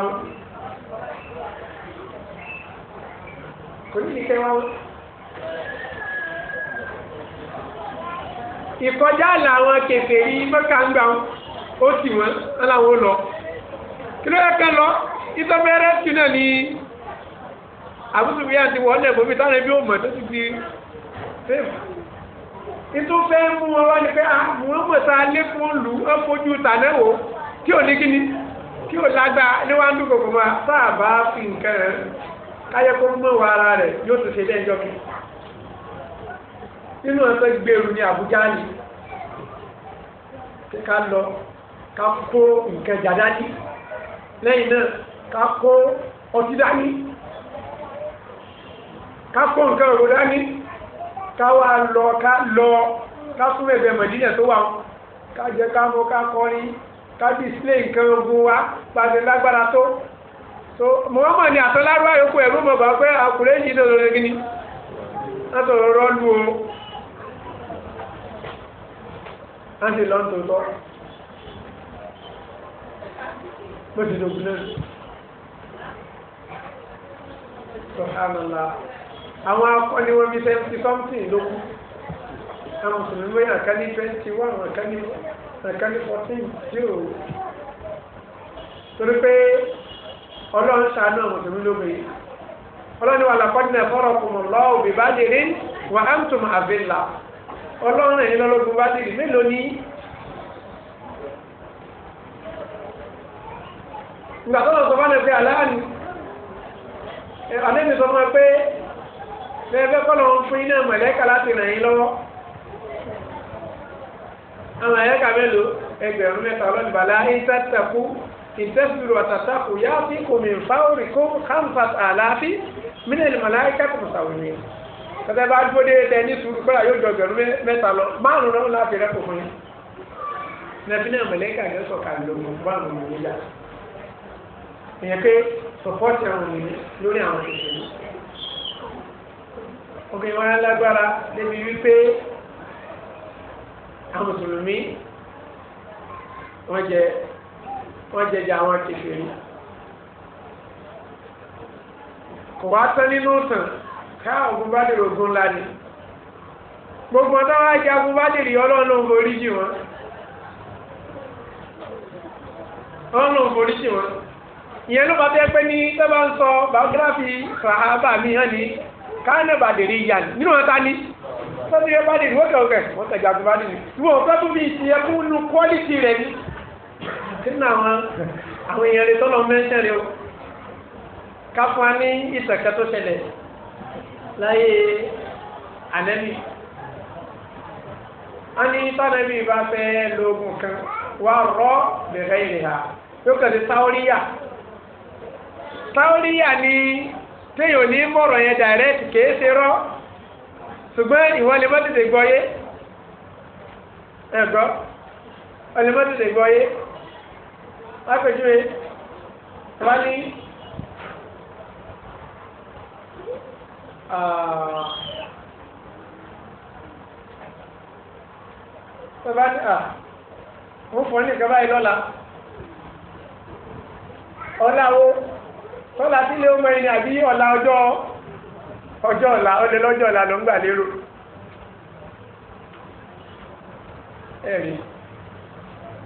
kò ní ìdíkẹ́ wàá ìkọjá làwọn kèfèrí mọ́kàngbà ó sì wọ́n aláwọ̀ lọ kí ló lọ ìtọ́mẹ́rẹ́ sí náà ni àbúsùnmí àti wọ́n lẹ̀ bóbi táwọn ẹbí ò mọ̀ tó ti di mú wọn wá ní pé àwọn ah, lù fojú kí ní kí níwájú fi nǹkan wọ ara rẹ̀ yóò nínú ẹgbẹ́ gbèrú ní Àbújá ni kí ká lọ ká kó nǹkan jà dání lẹ́yìn náà ká kó ọtí dání ká kó nǹkan òwò dání ká wá lọ ká lọ ká fún ẹ̀bẹ̀ mọ̀dínà tó wà ká jẹ ká mọ ká kọrin ká nǹkan ogun wa pàṣẹ lágbára tó so mọ́mọ́ ni àtọ́lárúwá yòókù ẹ̀rú mọ̀ bá pé àkùrẹ́ yìí lọ́dọ̀ ni látọ̀rọ̀ rọ́ọ̀lù o. wọ́n sì lọ́n tó tọ́ bó ti dògùn náà sọ̀hánàlá àwọn akọni wọn bí seventy something ló kú àwọn mùsùlùmí wọ́n yàn ká ní twenty one àká ní fourteen zero torí pé ọlọ́run ṣàánú àwọn mùsùlùmí lóbìnrin ọlọ́run wà lápọ́dínà fọ́rọ̀ kùmọ̀ lọ́wọ́ bíbá dèrè wà á ń tún ọlọ́run ẹ̀yin lọ́lọ́gbọ̀n bátìrì mélòó ní. ìgbà tó lọ sọ fún ẹgbẹ́ aláàánú àlejò sọ fún ẹ pé ẹgbẹ́ kọ́ lọ́wọ́ fún iná mọ̀lẹ́kà láti ràn yín lọ́wọ́ àwọn ẹ̀yẹ́kà mélòó ẹgbẹ̀rún mẹ́ta ọlọ́run bàlá ẹ̀yẹ́sẹ̀ tẹ̀kú ìtẹ́sùrù àtàtàkù yá sí kòmìnfáwòrì kó kámsàt àlàáfí mílíọ̀nù mọ̀láìkà kò sàwòrán kẹtẹ bá dúró dé tẹ ní sùúrù kọ́ra yóò jọ gbẹ̀rún mẹ́ta lọ márùn náà láti rẹ kò fún yín nàbí náà mẹlẹ́kà yẹn sọ̀ka lóko márùn ní ìyá ìyẹn pé sọpọ́tì àwọn ènìyàn lórí àwọn òṣèlú obìnrin wọn lágbára débi wípé àwọn mùsùlùmí wọ́n jẹ wọ́n jẹjẹ àwọn kẹfìrí kò wá tán nínú tàn. káà ogun bá dèrò gbogbo ọ̀tọ́ wá jẹ́ ogun bá dèrè ọlọ́run ló jì wọ́n ọlọ́run ló jì wọ́n ìyẹn ló mi hàn ní bá dèrè ìyá ni nínú ọ̀tá ni sọ́dún yẹn bá dèrè wọ́n kẹ̀ ọ̀kẹ̀ wọ́n tẹ̀jà ogun bá dèrè ìwọ̀n ọ̀fẹ́ fi ìsìnyẹ fún nu quality rẹ̀ ni nínú o ká fún wa ní tó láyé ànẹ́bì a ní tánẹ́bì bá fẹ́ lóògùn kan wà rọ́ bẹ̀rẹ̀ ìrìnà yóò kẹ́sì táóríyà táóríyà ni téèyàn ní mọ̀rọ̀ yẹn direct kìí ṣe rọ́ ṣùgbọ́n ìwọ lè má tètè gbọ́ yé ẹ̀gbọ́ ọ lè má tètè gbọ́ yé lápẹjúwe wá ní. Ah. bàbá ah. ní à ń fọ ní ìjọba yìí lọ́la ọ̀la wo tọ́la sílé ọmọ yìí ni àbí ọ̀la ọjọ́ ọjọ́ ọ̀la ọlẹ́ lọ́jọ́ ọ̀la ló ń gbà lérò ẹ̀rí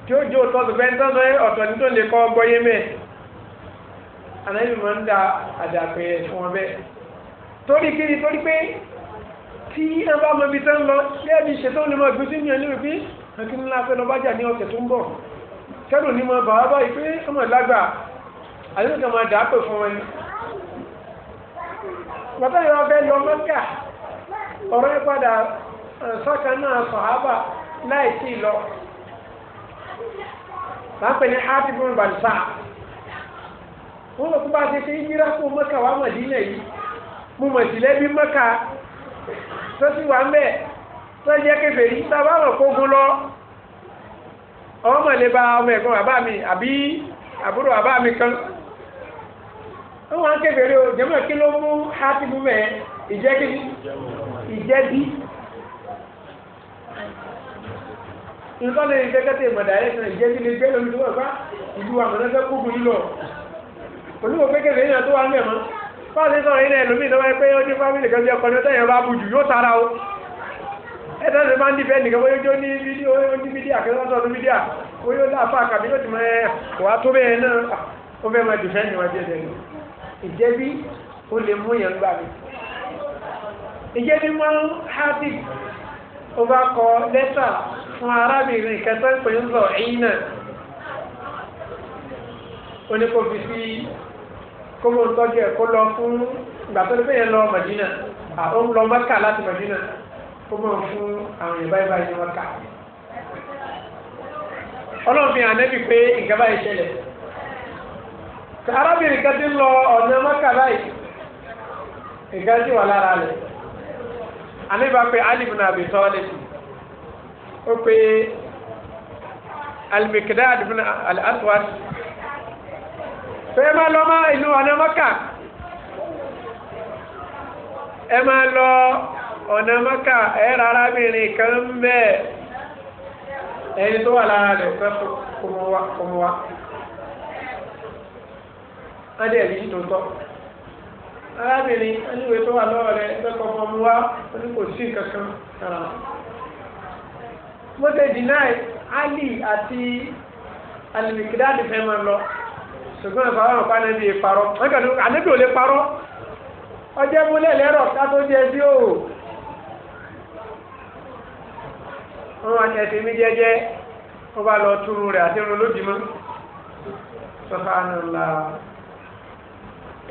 tí ó jó tọ́sù fẹ́ tọ́sù ọ̀tọ̀ ní tó lè kọ́ ọgbọ́yé mẹ́ ànáyìí mọ̀ ń da àdàpẹ̀ fún ọ torí kiri torí pé tí ẹ bá mọ ibi tẹ́ ń lọ lẹ́ẹ̀bí ṣètò ní mọ ìgbésí ní ẹni wípé akíní ńlá fẹ́ lọ bá jà ní ọ̀sẹ̀ tó ń bọ̀ kẹ́rù ní mọ bàbá báyìí pé ọmọ ìlágbà àyẹ̀kẹ́ máa dà á pè fún wọn. bàtà yọ ọbẹ̀ lọ mọ́kà ọ̀rọ̀ ẹ padà sọ́kà náà sàhábà láì sí lọ. láǹpẹ̀ ní áàtìfún bàlùsà wọ́n lọ kú bá ti ṣe ìjírá mo mọ̀ sí lẹ́bí mẹ́ka tó sì wà mẹ́ tó jẹ́ kẹfẹ́ yìí tá a bá wọn kógun lọ ọmọ lè ba ọmọ ẹ̀gbọ́n bàbá mi àbí àbúrò bàbá mi kan wọn kẹfẹ́ rí o jẹ́mọ̀ kí ló mú hátìmù mẹ́ ìjẹ́kí ìjẹ́bí nǹkan lè gẹ́gẹ́tẹ̀ ìmọ̀dàrẹ́ ìṣẹ̀lẹ̀ ìjẹ́bí lè gbé lórí tó wà fá ìlú àmọ̀lẹ́fẹ́ kógun lílọ olúwo kékeré yìí náà tó wà ń bẹ̀ mọ́ kọ́ọ̀lì sọ̀rọ̀ ilẹ̀ ẹlòmíì tó wáyé pé ó ní fámìlì kan bí ọkọ̀ ní ọ̀tẹ̀yìn ọba bùjù yóò tara o ẹ̀tọ́ ti máa ń dìbẹ́ nìkan bóyá ó ní fídíò ó ní mídíà kí wọ́n sọ̀rọ̀ mídíà bóyá ó láàfà àkàbí yóò ti máa ẹ̀ kò wá tó bẹ́ẹ̀ náà ó fẹ́ máa dìfẹ́ ní wájú ẹ̀dẹ̀ nù ìjẹ́bí ó lè mú yẹn gbà mí ìjẹ́bí máa ń hátì ó bá kọ lẹ́tà fún arábìnrin kẹta ń kó ló ń tọ́jú ẹ̀ kó lọ fún ìgbà tó ní pé yẹn lọ Mẹdínà ó ń lọ Mẹ́kà láti Mẹdínà kó mọ̀ fún àwọn èèyàn báyìí báyìí ní Mẹ́kà. Ọlọ́run fi hàn nẹ́bi pé nǹkan báyìí ṣẹlẹ̀ arábìnrin kan ti ń lọ ọ̀nà Mẹ́kà báyìí nǹkan sì wà lára rẹ̀ àníbà pé alibu náà bì tọ́ lẹ́sìn ó pé alimikidá àdìbò náà alásùwàsì. fẹ́ máa lọ máa ìlú ọ̀nà mọ́kà ẹ máa lọ ọ̀nà mọ́kà ẹ rárá mìíràn kan mẹ́ẹ̀ ẹni tó wà lára rẹ̀ fẹ́ adé tó tọ́ arábìnrin tó wà lọ́wọ́ rẹ̀ Ali àti alimikidadi fẹ́ máa ṣùgbọ́n ẹ̀fọ́ àwọn ọ̀pá nẹ́bí parọ́ ẹ̀kẹ́ni ànẹ́bí ò lè parọ́ ọjẹ́ múlẹ̀ lẹ́rọ̀ kátó jẹ́ sí òò wọ́n wá ní ẹsẹ̀ mi jẹ́jẹ́ wọ́n bá lọ túrú rẹ̀ àti irun lójúmọ́ sọ́fà nùlá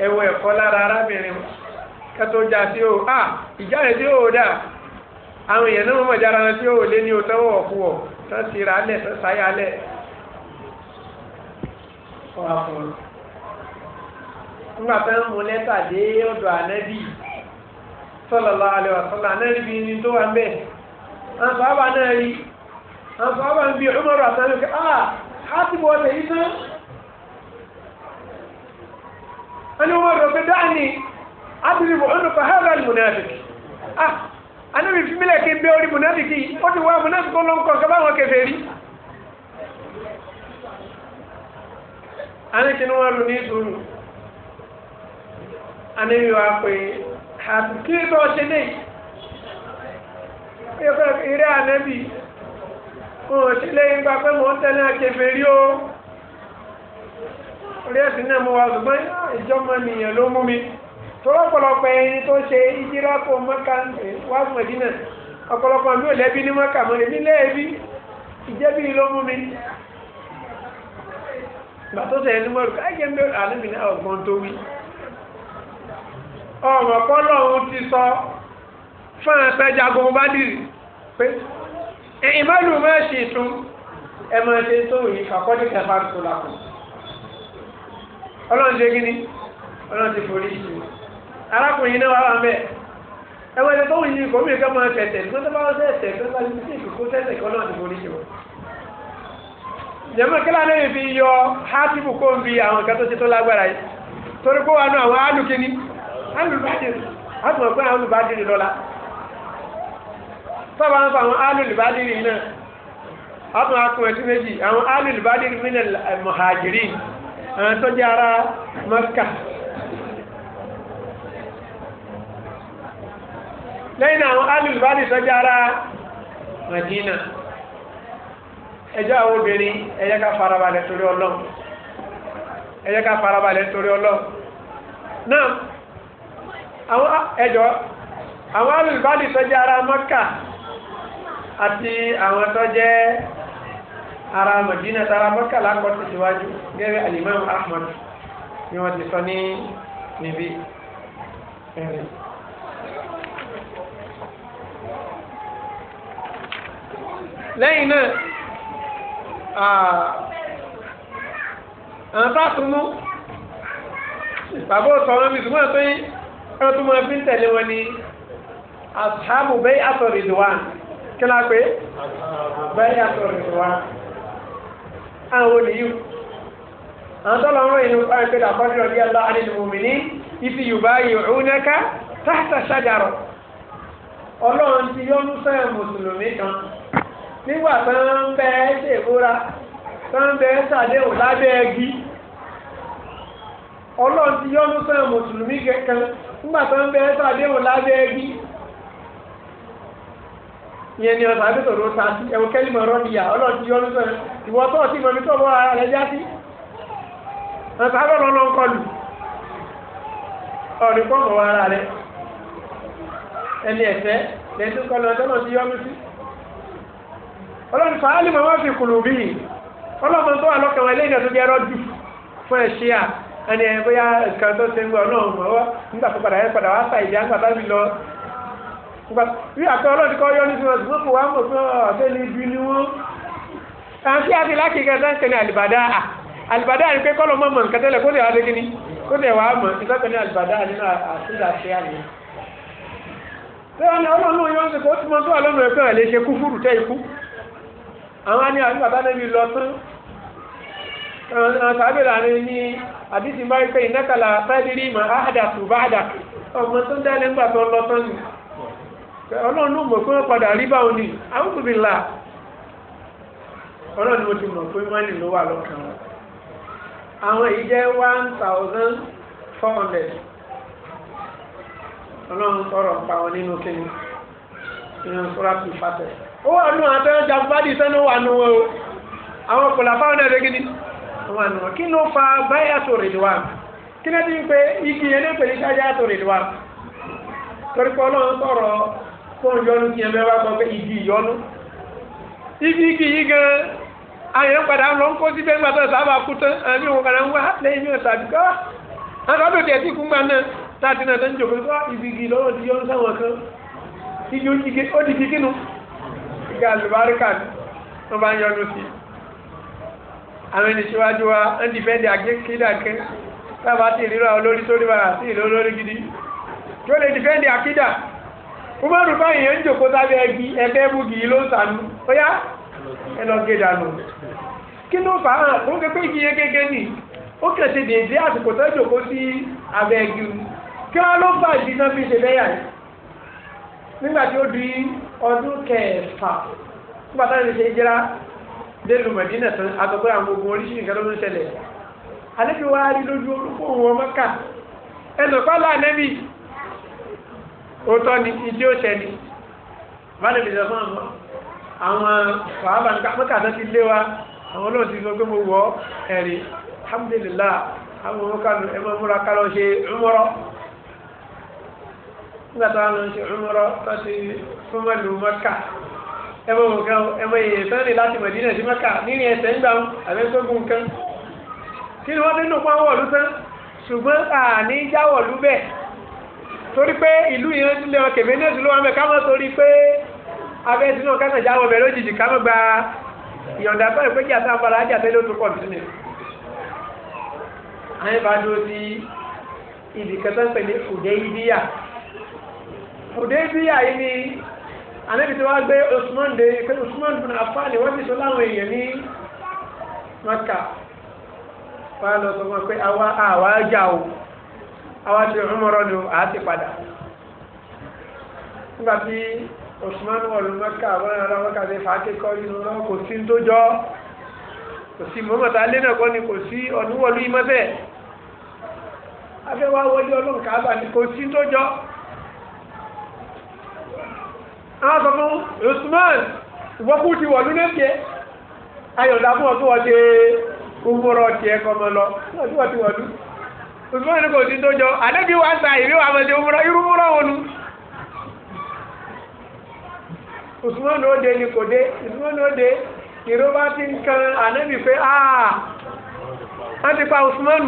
ẹwọ́ ẹ̀kọ́ lára arábìnrin kátó já sí òò à ìjà rẹ̀ sí òò dà àwọn èèyàn náà mọ̀ jára wọn sí òò lé ní òtọ́wọ̀ ọ̀kú ọ̀ tán ti lẹ̀ tán lẹ̀ sọ́ra fún un nígbà tó ń mú na ọ̀dọ̀ ànẹ́bí sallallahu alaihi wasallam na ni tó wà ń bẹ̀ náà rí àwọn ń bí ọmọrọ̀ àtàlẹ́ pé ah hátìbọ̀ ọ̀tẹ̀ yìí tán wọ́n wọ́n rọ̀ pé dáàni adìrìbò ọ̀nà fàhálà mùnàfíkì ah ànẹ́bí fi mílẹ̀ kí n bẹ́ orí mùnàfíkì ó ti wá mùnàfíkì kọ́ kẹfẹ́ rí anikinu wọn lò ní sùúrù anibi wa pé àti kí ló ṣe lè eré ànẹ́bì wọn ṣe lè gba pé mò ń tẹ́lẹ̀ akẹfẹ́ rí o orí ẹ̀sìn náà mo wà ṣùgbọ́n ìjọba nìyẹn ló mú mi tọ́lọ́pọ̀lọpọ̀ ẹni tó ṣe ìjírapọ̀ mọ́ká wá mọ̀dínà ọ̀pọ̀lọpọ̀ mi ò lẹ́bí ní mọ́ká mọ́ lè ní lẹ́ẹ̀bí ló mú mi ìgbà tó sẹ̀ ẹnu mọ́rù káàkiri ń bẹ̀rẹ̀ tó wí ọ̀rọ̀ pọ́lọ̀ òun ti sọ fún ẹ̀fẹ́ jagun bá dìrì pé ìmọ̀lù mẹ́ tún ẹmọ ṣe tó yìí fàkọ́dé kẹfà tó lápò ọlọ́run gíní ọlọ́run forí ṣe arákùnrin náà wà mẹ́ ẹwọ́n ẹ̀ṣẹ̀ tó yìí kò mí kẹ́ ẹ̀ṣẹ̀ tẹ̀ jẹ́mọ̀ kí lánàá yìí fi yọ hátìbù kó ń bi àwọn nǹkan tó ṣe tó lágbára yìí torí kó wà nù àwọn alùkíní alùbádìrì àtùmọ̀ pé àwọn alùbádìrì lọ́la tọ́ba ń fa àwọn alùbádìrì náà àtùmọ̀ akùnrin sí méjì àwọn alùbádìrì minal muhajirin àwọn tó jẹ́ ara Makkah lẹ́yìn àwọn alùbádìrì tó jẹ́ ara Madina ẹjọ́ àwọn obìnrin ẹ jẹ́ ká farabalẹ̀ torí ọlọ́run ẹ jẹ́ ká farabalẹ̀ torí ọlọ́run náà àwọn ẹjọ́ àwọn alùbádì tó jẹ́ ara mọ́kà àti àwọn tó jẹ́ ara mọ̀dínà tara mọ́kà lákọ̀ tó síwájú gẹ́gẹ́ alimam ahmad ni wọ́n ti sọ ní níbí lẹ́yìn náà àwọn tá a tún mú bàbá òsàn wọn bìí ṣùgbọ́n pé ẹran tó máa fi ń tẹ̀lé wọn ni asáàbù bẹ́ẹ̀ àtọ̀rọ̀ ìdùwà kí la pé bẹ́ẹ̀ àtọ̀rọ̀ ìdùwà àwọn olùyù àwọn tó lọ́rọ̀ inú ọ̀rẹ́ pé dàkọ́jú ọdí ẹlọ anìlùmùmí ní ifi yorùbá yòówù nẹ́ka táàtà ṣájàrọ̀ ọlọ́run ti yọ́nú sẹ́yìn mùsùlùmí kan nígbà tó ń bẹ ṣèbúra tó ń bẹ ṣàdéhùn lábẹ́ ẹgí ọlọ́run ti yọ́nú sẹ́yìn mùsùlùmí kankan nígbà tó ń bẹ ṣàdéhùn lábẹ́ ẹgí ìyẹn ni ọ̀sán àbẹ́sọ̀rọ̀ ta sí ẹ̀wọ̀n kẹ́lìmọ̀ ọ̀rọ̀ nìyà ọlọ́run ti yọ́nú sẹ́yìn ìwọ́ tó ọtí tó bọ́ ara rẹ̀ já sí ọ̀sán àbẹ́sọ̀rọ̀ lọ́ ń kọlù ara rẹ̀ ẹni ẹ̀fẹ́ ọlọ́run fa alì màmá fi kùlù bí i ọlọ́run tó wà lọ́kàn wọn lẹ́yìn àtúndì ẹrọ jù fún ẹ̀ṣẹ́ à ẹni ẹ̀ bóyá nǹkan tó ṣe ń gbọ́ náà mọ̀ ọ́ nígbà tó padà yẹn padà wá sa ìdí àgbà tábì lọ. bí àpẹ ọlọ́run kọ́ yọ nítorí ọ̀sùn fún wa mọ̀ fún ọ̀sẹ̀ ní ibi ni wọ́n. àti àti láti kẹta ń tẹ̀lé àlìbàdà àlìbàdà ni pé kọ́lọ́ mọ̀ mọ̀ nǹkan tẹ́lẹ̀ kó tẹ̀ wá dé kíní kó tẹ̀ wá mọ̀ nǹkan tẹ̀lé àlìbàdà nínú àṣìlá ṣe àná tẹ́wọ́n ni ọlọ́run yóò ń sèkó tí mo tó àlọ́nà ẹ̀kọ́ ẹ̀ lè ṣe kúfúrú tẹ́ ikú àwọn àni àti bàbá níbi lọ tán àwọn ni ní àdìsí máa ń pè ìnákàlà sábẹ́lì mà áhàdà tó bá àdà ọmọ tó ń dá nígbà tó lọ tán ni ọlọ́run mọ̀ pé wọ́n padà ni àwọn kò bí là ọlọ́run mo ti mọ̀ pé lọ́kàn wọn àwọn èyí jẹ́ one thousand four hundred ọlọ́run sọ̀rọ̀ pa wọn ó wà nù àtẹ́wọ́n jàmbádì sẹ́nu wà nù o àwọn kòlà fáwọn náà rẹ́gídì wà nù kí ló fa báyà sòrè lè wà kí ló ti ń igi yẹn na pèlè sáyà sòrè lè wà torí pé ọlọ́run sọ̀rọ̀ fóun igi ìyọnu igi igi yìí gan padà lọ ń kó síbẹ̀ tó sábà kú tán ń wá ah, lẹ́yìn mi ò tàbí ah. kú láti náà ibi pé alùbáríkà ni wọ́n bá ń yọnu sí àwọn ẹni síwájú wa ń dìfẹ́ndì àkídàkẹ́ tábà tí ìrírà olori tó ríbàrà sí ìlú olórí gidi tó lè dìfẹ́ndì àkídà kúmọ̀rù báyìí ń jòkó sábẹ́ ló sanu nígbà tí ó di ọdún kẹfà nígbà táwọn ènìyàn ṣe jẹ́ra délùú mẹ̀dínà tán àtọ́gbẹ́ àwọn ogun oríṣiríṣi nǹkan ló ń ṣẹlẹ̀ àlejò wa rí lójú orúkọ òun ọmọ kà ẹnìkan láàánẹ́bì òótọ́ ni ìdí ó ṣẹni bálẹ̀ lè sọ fún àwọn wàhábà mọ́kàtà ti lé wa àwọn olóò ti sọ pé mo wọ́ ẹ̀rí alhamdulillah àwọn ọmọ kanu ẹmọ múra kálọ̀ ṣe ń mọ́rọ́ nígbà tó àwọn ṣe ọmọrọ tó ti fúnmọ́ lu mọ́kà ẹ mọ̀ nǹkan ẹ mọ̀ èyí tán lè láti mọ̀dínà sí mọ́kà nínú ẹsẹ̀ ń gbà wọn àbẹ́ tó gun nǹkan kí ni wọ́n nínú pọ́n wọ̀lú tán ṣùgbọ́n àní jáwọ̀lú bẹ́ẹ̀ torí pé ìlú yẹn ti lé wọn kèmí ní ìdúró wọn bẹ ká mọ́ torí pé abẹ́ sínú kánà jáwọ̀ bẹ̀ lójijì ká mọ́ gba ìyọ̀ǹda tó ìpé kí àtàwọn ajá tẹ́lẹ̀ ó tó pọ̀ sí ni. àyìnbá dúró sí ibì kẹta ń pè ní fùdé ìdíyà Hudaybiya yìí ni anábì tí wọ́n gbé Usman dé pé Usman bin Affan ni wọ́n ti sọ láwọn èèyàn ní Maka wọ́n lọ sọ wọn pé àwa àwa jà o àwa ti ọmọrọ ni o àá ti padà nígbà tí Usman wọ̀lú Maka wọ́n lọ Maka ṣe fàáké kọ́ nínú náà kò sí tó jọ́ kò sí mọ́mọ́ta alẹ́ náà kọ́ ni kò sí ọ̀nùwọ̀lú yìí mọ́tẹ́ afẹ́wà wọlé ọlọ́nkà bá ní kò sí tó jọ́. àtọ̀mọ́ usman ìwọ́pù ti wà ní lẹ́kẹ́ ayọ̀dàmọ́ tó wà ṣe kúmọ́rọ̀ ti ẹ̀kọ́ mọ́ lọ usman kò tí tó jọ àdẹ́bí wà sá ìrí wà mọ́ sí rúmọ́rọ̀ ònú usman ó dé ní kò dé usman ó dé ìró bá ti ń kan àdẹ́bí pé àà wọ́n ti pa usman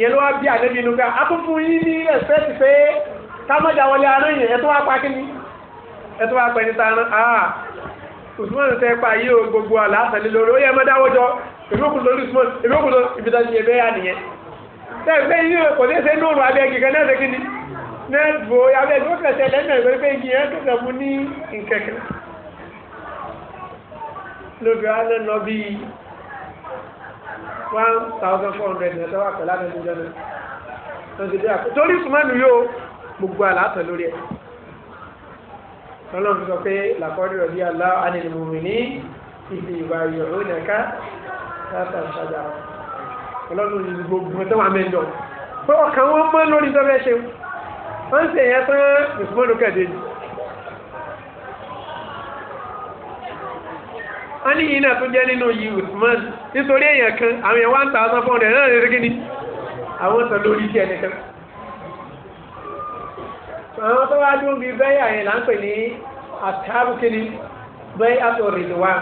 yẹn ló wá bí àdẹ́bí nígbà akúkú yìí ní ẹ̀sẹ́ ti fẹ́ tá ẹ tó bá pẹ́ ní tààrán àà usman tẹ́ pa yí o gbogbo àlà àtàlẹ́ lórí ó yẹ mọ́ dáwọ́ jọ ìrókùn lórí usman ìrókùn lórí ibi tó ti yẹ bẹ́ẹ̀ nìyẹn tẹ́ pé yí kò ní ṣe nóòrùn abẹ́ kíkan náà ṣe kíni náà bò abẹ́ tó kẹsẹ̀ lẹ́nà ìwé pé igi yẹn kẹsẹ̀ mú ní nkẹkẹ lóbi wa lọ nọ bíi one thousand four hundred ní ọ̀sẹ̀ wà pẹ̀lú àtàlẹ́ ìjọ náà torí usman yóò gbogbo àlà àtàlẹ́ lórí ẹ̀ lọ́lọ́run ti sọ pé làkọ́dé rẹ̀ bí alá anìlùmùmí ní ibi ìwà ìyọ̀rọ̀ nìka láta ìṣàjà ọlọ́run ti gbogbo tó wà mẹ́ńdọ̀ pé ọkàn wọn mọ́ lórí tó fẹ́ ṣe wọ́n sì yẹ tán mùsùlùmí kẹ̀dé ni. wọ́n ní iná tó jẹ́ nínú yìí Usman nítorí èèyàn kan àwọn èèyàn one thousand four hundred náà lè rí kíni àwọn sọ lórí iṣẹ́ nìkan àwọn tó wáá dún bí bẹ́yà yẹn là ń pè ní àtàbù kìíní bẹ́yà tó rìn wá.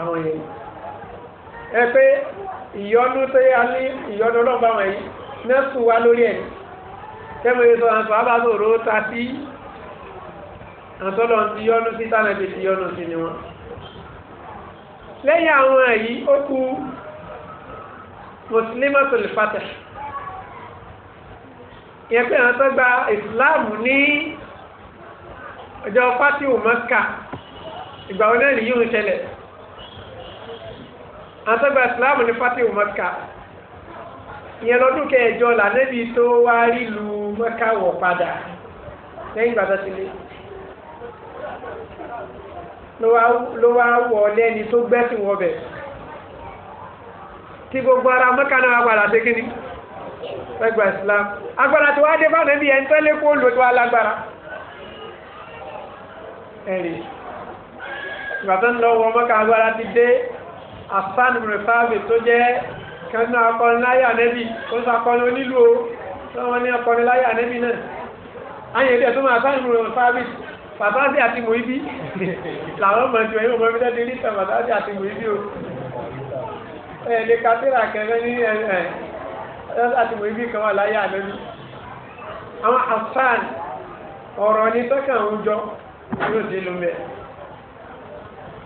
àwọn yẹn ẹ pé ìyọnu tó yẹ ní ìyọnu ọlọ́gbà wọn yìí nẹ́sù wá lórí ẹ̀ kẹ́mi yóò sọ àwọn tó wá bá sọ̀rọ̀ ó ta sí àtọ́lọ́ ti yọnu sí tánàbí ti yọnu sí ni wọn. lẹ́yìn àwọn èyí ó kú muslimatul fatah ìyẹn pé àwọn tó gba islam ní ọjọ́ fatihu maka ìgbà wo náà nìyí ń ṣẹlẹ̀ àwọn tó gba islam ní fatihu maka ìyẹn lọ́dún kẹjọ lànẹ́bí tó wá rílu maka wọ̀ padà lẹ́yìn ìgbà tó ti lé ló wá wọ lẹ́ni tó gbẹ́sìn wọ bẹ̀rẹ̀ tí gbogbo ara mọ́kà náà agbára ṣe kíni ẹgbà islam agbára tí wàá dé bá nàbí ẹ̀ ń tẹ́lẹ̀ kó lò tó alágbára ẹ̀rì ìgbà tó ń lọ wọ mọ́kà agbára ti dé asan rẹ̀fáàbì tó jẹ́ kẹ́nu akọni láyà nẹ́bí tó ń sakọni onílù o tó wọn ní akọni láyà nẹ́bí náà ayé ilé ẹ̀ tó máa asan rẹ̀fáàbì fàtàsí àti mòíbí làwọn mọ̀ tí wọ́n yóò mọ̀ ibi tẹ́lẹ̀ ní ìtàn fàtàsí àti ẹ̀ lè ka síra kẹfẹ́ ní ẹ̀ ẹ̀ láti mọ ibi kan wà láyé àlẹ́lú àwọn afán ọ̀rọ̀ ní sọ́kàn òjọ yóò sí ìlú mẹ́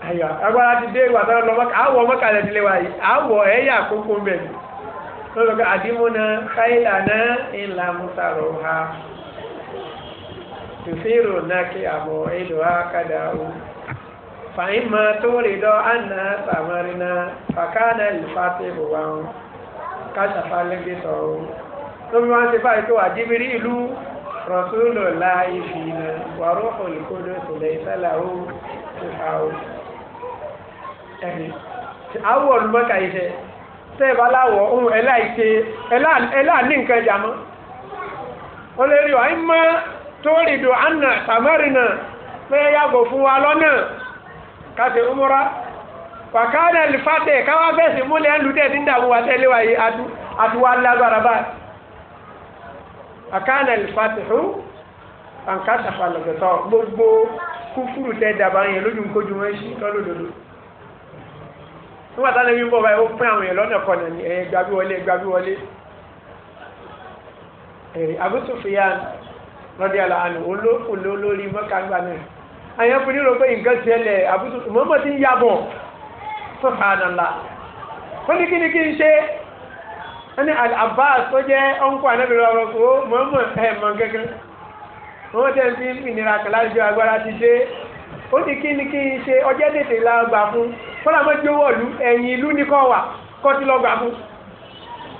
àyà agbára ti dé ìwà tọ́lọ́ lọ́mọ́ àwọ̀ mọ́kàlẹ̀ ti lè wà yìí àwọ̀ ẹ̀yà àkókò mẹ́ lọ́lọ́gbẹ́ àdímúná káìlà náà ìlà mùsàrọ̀ ha tùfírò náà kí àbọ̀ ìlú ha kádà ó فإما تورد عنا ثمرنا فكان الفاتح هو كشف الغطاء tóbi wá ń ṣe báyìí tó wà jíbírí ìlú rọ̀túlò láì fi iná wàrú olùkódó tòlẹ̀ ìsàlàwò tó fà ó. àwọ̀ olùmọ́ka iṣẹ́ tẹ́ ẹ bá ohun ẹláìṣe nǹkan jàmọ́. ó lè rí fún wa lọ́nà kásì umura wàkánà lifátẹ̀ káwá fẹ́sì múlẹ̀ ẹ̀lú tẹ̀ ní ìdààmú wa tẹ́lẹ̀ wáyé àtiwá lágbára báyìí wàkánà lifátẹ̀ hù àǹkásà falọ̀gẹ̀tọ̀ gbogbo kúfúrú tẹ́ dàbà yẹn lójú nkojú wọn sí lọ́lọ́dọ̀dọ̀ nígbà táwọn ẹbí báyìí ó pín àwọn yẹn kọ̀nà ní ẹ̀yẹ gbàbí wọlé gbàbí wọlé Abu Sufyan lọ́dí àlọ́ àná olóòlórí mọ́kàngbà náà àyàn fún nírò pé nǹkan ṣẹlẹ̀ àbútù mọ́mọ́ ti ń yàbọ̀ subhanallah wọ́n ní kí ni kí n ṣe wọ́n ní Abbas tó jẹ́ ọ̀nkú anábìrì ọ̀rọ̀ kó mọ́mọ́ ẹ̀ mọ́ kankan mọ́mọ́ tẹ́ ń fi ìnira kan láti fi agbára ti dé ó ní kí ni kí n ṣe ọjọ́ tètè la gbà fún kọ́lá mọ́ tí ó wọ̀lú ẹ̀yìn ìlú ní kọ́ wà kọ́ ti lọ gbà fún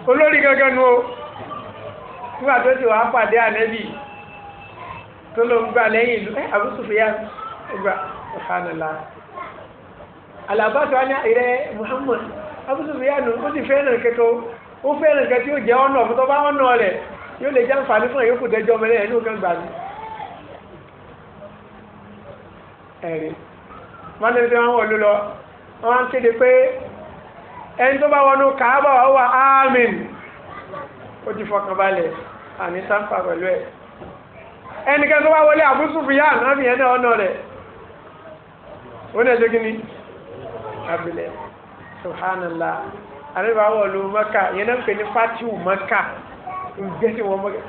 olórí gangan nu o nígbà tó ti wàá pàdé ànẹ́bì tó ló gbà lẹ́yìn ìlú ẹ̀ àbúsùfìyà ìgbà ọ̀hánàlá alàbáṣọ á ní ìrẹ Muhammad abúsùfìyànù ó sì fẹ́ràn kẹtọ ó fẹ́ràn kẹtọ yóò jẹ́ ọ̀nà ọ̀fún tó bá ọ̀nà rẹ̀ yóò lè jẹ́ àǹfààní fún ẹ̀yọ́kù dẹjọ́ mẹ́lẹ́ ẹ̀ ní òkè gbà mí. ẹ̀rí wọ́n ní tí wọ́n wọ̀ ló lọ wọ́n á kéde pé ẹni tó bá wọnú kàábà wà wà áàmìn ó ti fọkàn balẹ̀ àní sáfà pẹ̀lú ẹ̀ ẹnikẹ́ni tó bá wọlé abúsùfìyànù á ó náà ṣe kí ni abilẹ̀ subhanallah àríwá wọ̀lú mọ́kà yẹn náà ń pè ní fatihu mọ́kà ìgbésí wọn mọ́kà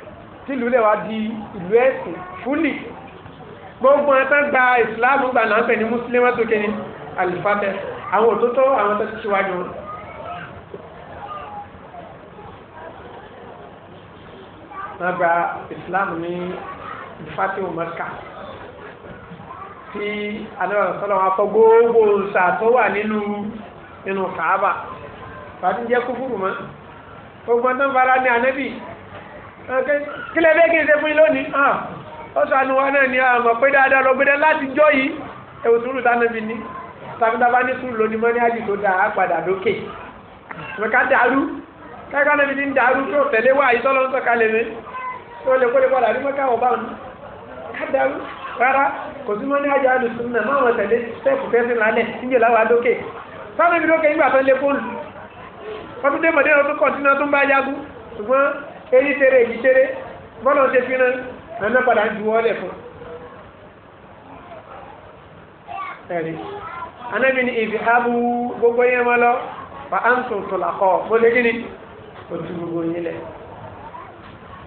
tí ìlú lè wá di ìlú ẹ̀sìn fúlì gbogbo ẹ̀tàn gba ìsìláàmù gbà náà ń pè ní mùsùlùmí tó kéde àlùfáàtẹ àwọn òtótó àwọn tó ti ṣíwájú wọn. wọ́n gba ìsìláàmù ní fatihu mọ́kà. tí alẹ́wàsọ́lọ́ wọn gbogbo nsà tó wà nínú nínú kàábà fàtí jẹ́ kúfúrú mọ́ gbogbo tó ń fara ní ànábì kílẹ̀ kí n ṣe fún yín lónìí ó sọ náà pé dáadáa lọ gbẹdẹ láti jọ yìí ní lónìí mọ́ ní àjì tó dáa dàrú kò sí mọ́ ní àjọ àdùsùn náà máa wọ́n tẹ̀lé sẹ́ẹ̀kù fẹ́ẹ́ sí lálẹ́ níjẹ́ láwọn adókè sáwọn ibi lókè nígbà tó ń lé fóònù wọ́n tún dé mọ̀dé náà tún kọ̀tínà tó ń bá jagun ṣùgbọ́n èyí tèrè èyí tèrè bọ́ọ̀lù ṣe fi náà nana padà ń juwọ́ lẹ̀ fún. ẹ̀rí anábì ní ìfi abu gbogbo yẹn mọ́ lọ fa antum tòlàkọ́ gbọ́dọ̀ kí ni ojú gbogbo yín lẹ̀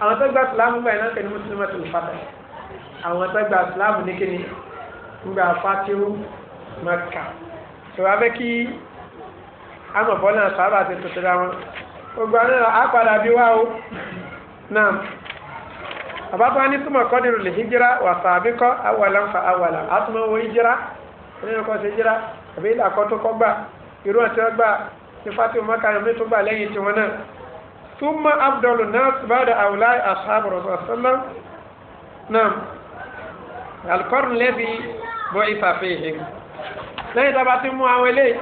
àwọn tó gbà tìlámù báyìí náà kẹ́ni àwọn ẹgbẹ́gbà ìsìláàmù ní kíni ńgbà fatihu maka ṣèwà fẹ́ kí amọ̀bọ́ náà sábà ti tuntun ra wọn gbogbo àwọn náà á padà bí wá o náà àbábá ní túmọ̀ kọ́dìrú lè hijira wà sàbíkọ́ awàlà ń fa awàlà á túmọ̀ wọ hijira nínú kọ́ sí hijira àbí ilà kọ́ tó kọ́ gbà irú àti ọgbà ní fatihu maka ní tó gbà lẹ́yìn tiwọn náà túmọ̀ abdul nas bada awla ashabu rasulullah sallam alikọ́rùn lẹ́bi bọ́ ìfàfihìn lẹ́yìn tó bá ti mú àwọn eléyìí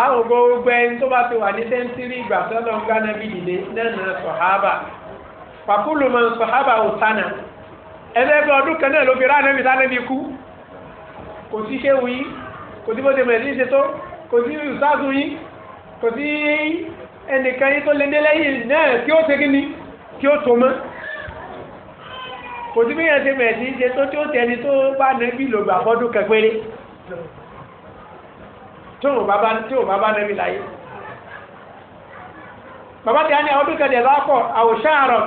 àwọn gbogbo ẹni tó bá ti wà ní sẹ́ńtírì ìgbà sọ́lọ́ ń gánà bí dìde náà sọ̀hábà pàkúlù mọ̀ sọ̀hábà ò sánà ẹlẹ́gbẹ́ ọdún kan náà ló fi ránà bìtá kú kò sí ṣé wuyí kò sí bó ti ṣe tó kò sí ìsáàtú yín kò sí ẹnìkan yín tó lé délẹ́yìn náà kí ó ṣe ni kí ó tó mọ́ kò sí bí yẹn ṣe mẹ̀sí ṣe tó tí ó tẹni tó bá nẹ́bí lògbà fọ́dún kẹpẹ́rẹ́ tí òun bá bá nẹ́bí láyé bàbá tí a ní ọdún kẹdẹ̀ lọ́pọ̀ àwòṣán àrọ̀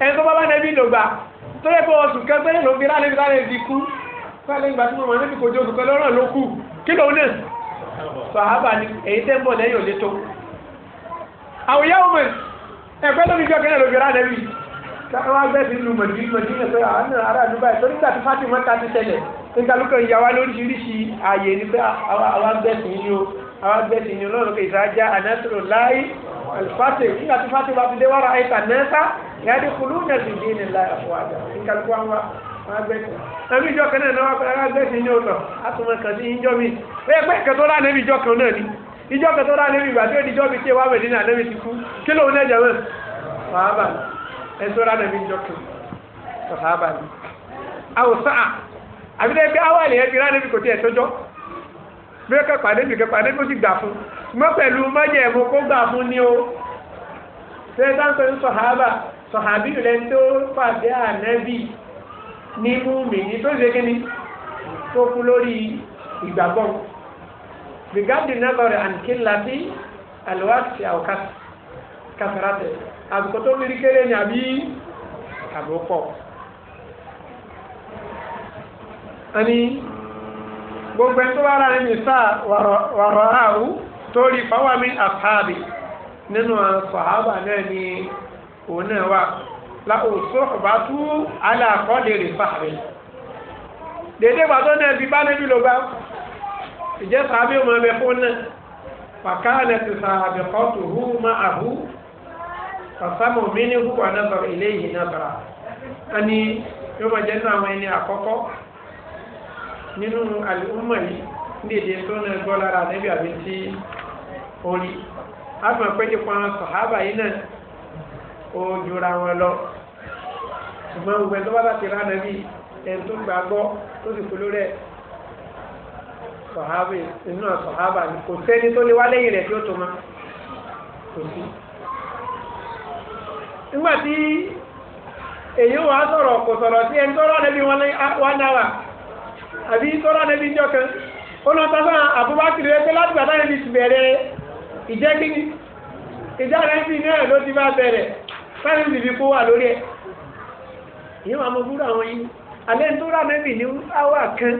ẹni tó bá bá nẹ́bí lògbà tó lè fọ oṣù kẹgbẹ́rẹ́ ló fi rálẹ̀ rálẹ̀ fi kú rálẹ̀ ìgbà tí mo mọ̀ níbi kò jẹ́ oṣù kan ló kù kí ló náà sàhábà ni èyí tẹ́ ń bọ̀ lẹ́yìn òlétò àwòyá ọmọ ẹ̀pẹ́ táwọn agbẹ́sìn lu mọ̀dínú mọ̀dínú pé àwọn ará àdúgbò ẹ̀ torí gbàtí Fatima ta ti ṣẹlẹ̀ nígbàlúkọ̀ ìyàwó lóríṣiríṣi ààyè ni pé àwọn agbẹ́sìn ni o àwọn agbẹ́sìn ni olóòrùn kìí sáájá ànátòrò láì alifásẹ̀ nígbàtí Fatima ti dé wàrà ẹ̀ta nẹ́ẹ̀ta ìyáde kùlú nẹ̀sì dé ní láì àfọwájà nígbàlúkọ̀ àwọn agbẹ́sìn ẹbí ìjọ kan náà wọ́n agbẹ́sìn kan sí ìjọ mi bẹ́ẹ̀ pẹ́ kẹtọ́ láà níbi ìjọ kan náà ni ìjọ kẹtọ́ láà níbi ìgbà tí ó di ìjọ mi tí ìwà mẹ́dínà níbi ti kú kí lóun ẹ̀sọ́ rà nàbí njọ́ kan sọ̀hábà ni àwòsá àbí ẹgbẹ́ awàlẹ̀ ẹgbẹ́ rà nàbí kò tí ẹ̀ tọ́jọ́ bí ẹ̀kẹ́ pàdé nìkẹ́ pàdé kó sì gbà fún mọ́ pẹ̀lú májẹ̀mú kó gbà fún ni o ṣé dáńtọ́ ní sọ̀hábà sọ̀hábì rẹ̀ tó pàdé ànábì ní múmi ní tó ṣe kíni tó kú lórí ìgbàgbọ́ regarding number and kill lati alwaqti aw kasrati àsìkò tó rí kéré ni àbí àbúkọ̀ ẹni gbogbo ẹni tó wá rà nínú sáà wàrọ̀ ààrù tó rí fáwà mi àfáàbì nínú àwọn sàhábà náà ni òun náà wà láòsó ọ̀bátú aláàkọ́lẹ̀ rẹ̀ fàárí dédé bàtọ́ náà bí bá níbi ló bá ìjẹ́ sàábì ọmọ ẹgbẹ́ fún náà pàkánẹ̀ ti sàábì kọ́ tòhú máa hù asamu mini hukwa na ile ihinagara na ni yomar jenụ awon eni akoko ninu al'ummali nde de tono gbolara na ibi abu oli ori asima kpetipa sahabai na o jura won ma imo ube to wata tirana ri en to gbagbo to si folo re sahabai inu a sahabai ko tse to le wa leyin ki o to ma to bi nígbà tí èyí wà sọ̀rọ̀ kò sọ̀rọ̀ sí ẹni tọ́rọ nẹ́bí wọn dáwà àbí tọ́rọ nẹ́bí jọ kan ó lọ tọ́ sọ́nà àbúbákiri rẹ pé láti gbàtà nẹ́bí ti bẹ̀rẹ̀ ìjẹ́ kíni ìjà nẹ́bí náà ló ti bá bẹ̀rẹ̀ sáré bìbí kó wà lórí ẹ̀ èyí wà mọ búrú àwọn yìí alẹ́ tọ́rọ nẹ́bí ní áwà kan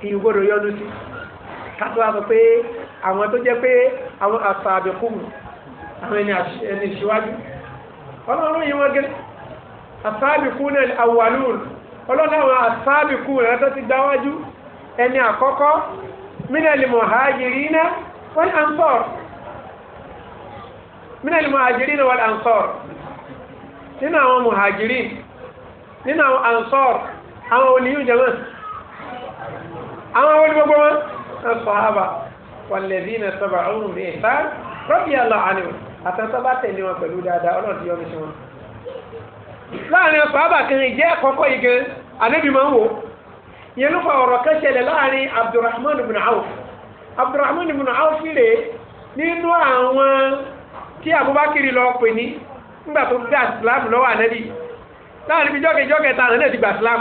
kì í gbọdọ̀ yọnu sí kátó wá sọ pé àwọn tó jẹ́ pé àwọn àṣà àwọn ẹni ìṣíwájú ọlọ́run yìí wọ́n gẹ́ asábìkúnà àwàlúùn ọlọ́láwọn asábìkúnà tó ti gbáwájú ẹni àkọ́kọ́ mínàlì mọ̀hájìrínà wal ansar mínàlì mọ̀hájìrínà wal ansar nínú àwọn mọ̀hájìrín nínú àwọn ansar àwọn oníyùn jẹ́mọ́ àwọn àwọn onígbogbo wọn sahaba wal ladina taba'uhum bi ihsan radiyallahu anhum àtẹ̀tọ́ bá tẹ̀lé wọn pẹ̀lú dáadáa ọlọ́run ti yọ níṣẹ́ wọn. láàrin ọ̀sán àbàkan ìjẹ́ àkọ́kọ́ yìí gan anábì máa ń wò ìyẹn ló fa ọ̀rọ̀ kan ṣẹlẹ̀ láàrin Abdurrahman ibn Awf Abdurrahman ibn Awf rè nínú àwọn tí Abubakar lọ pè ní nígbà tó gbà Islam lọ́wọ́ anábì láàrin ibi jọ́kẹ́jọ́kẹ́ ta àná ti gbà Islam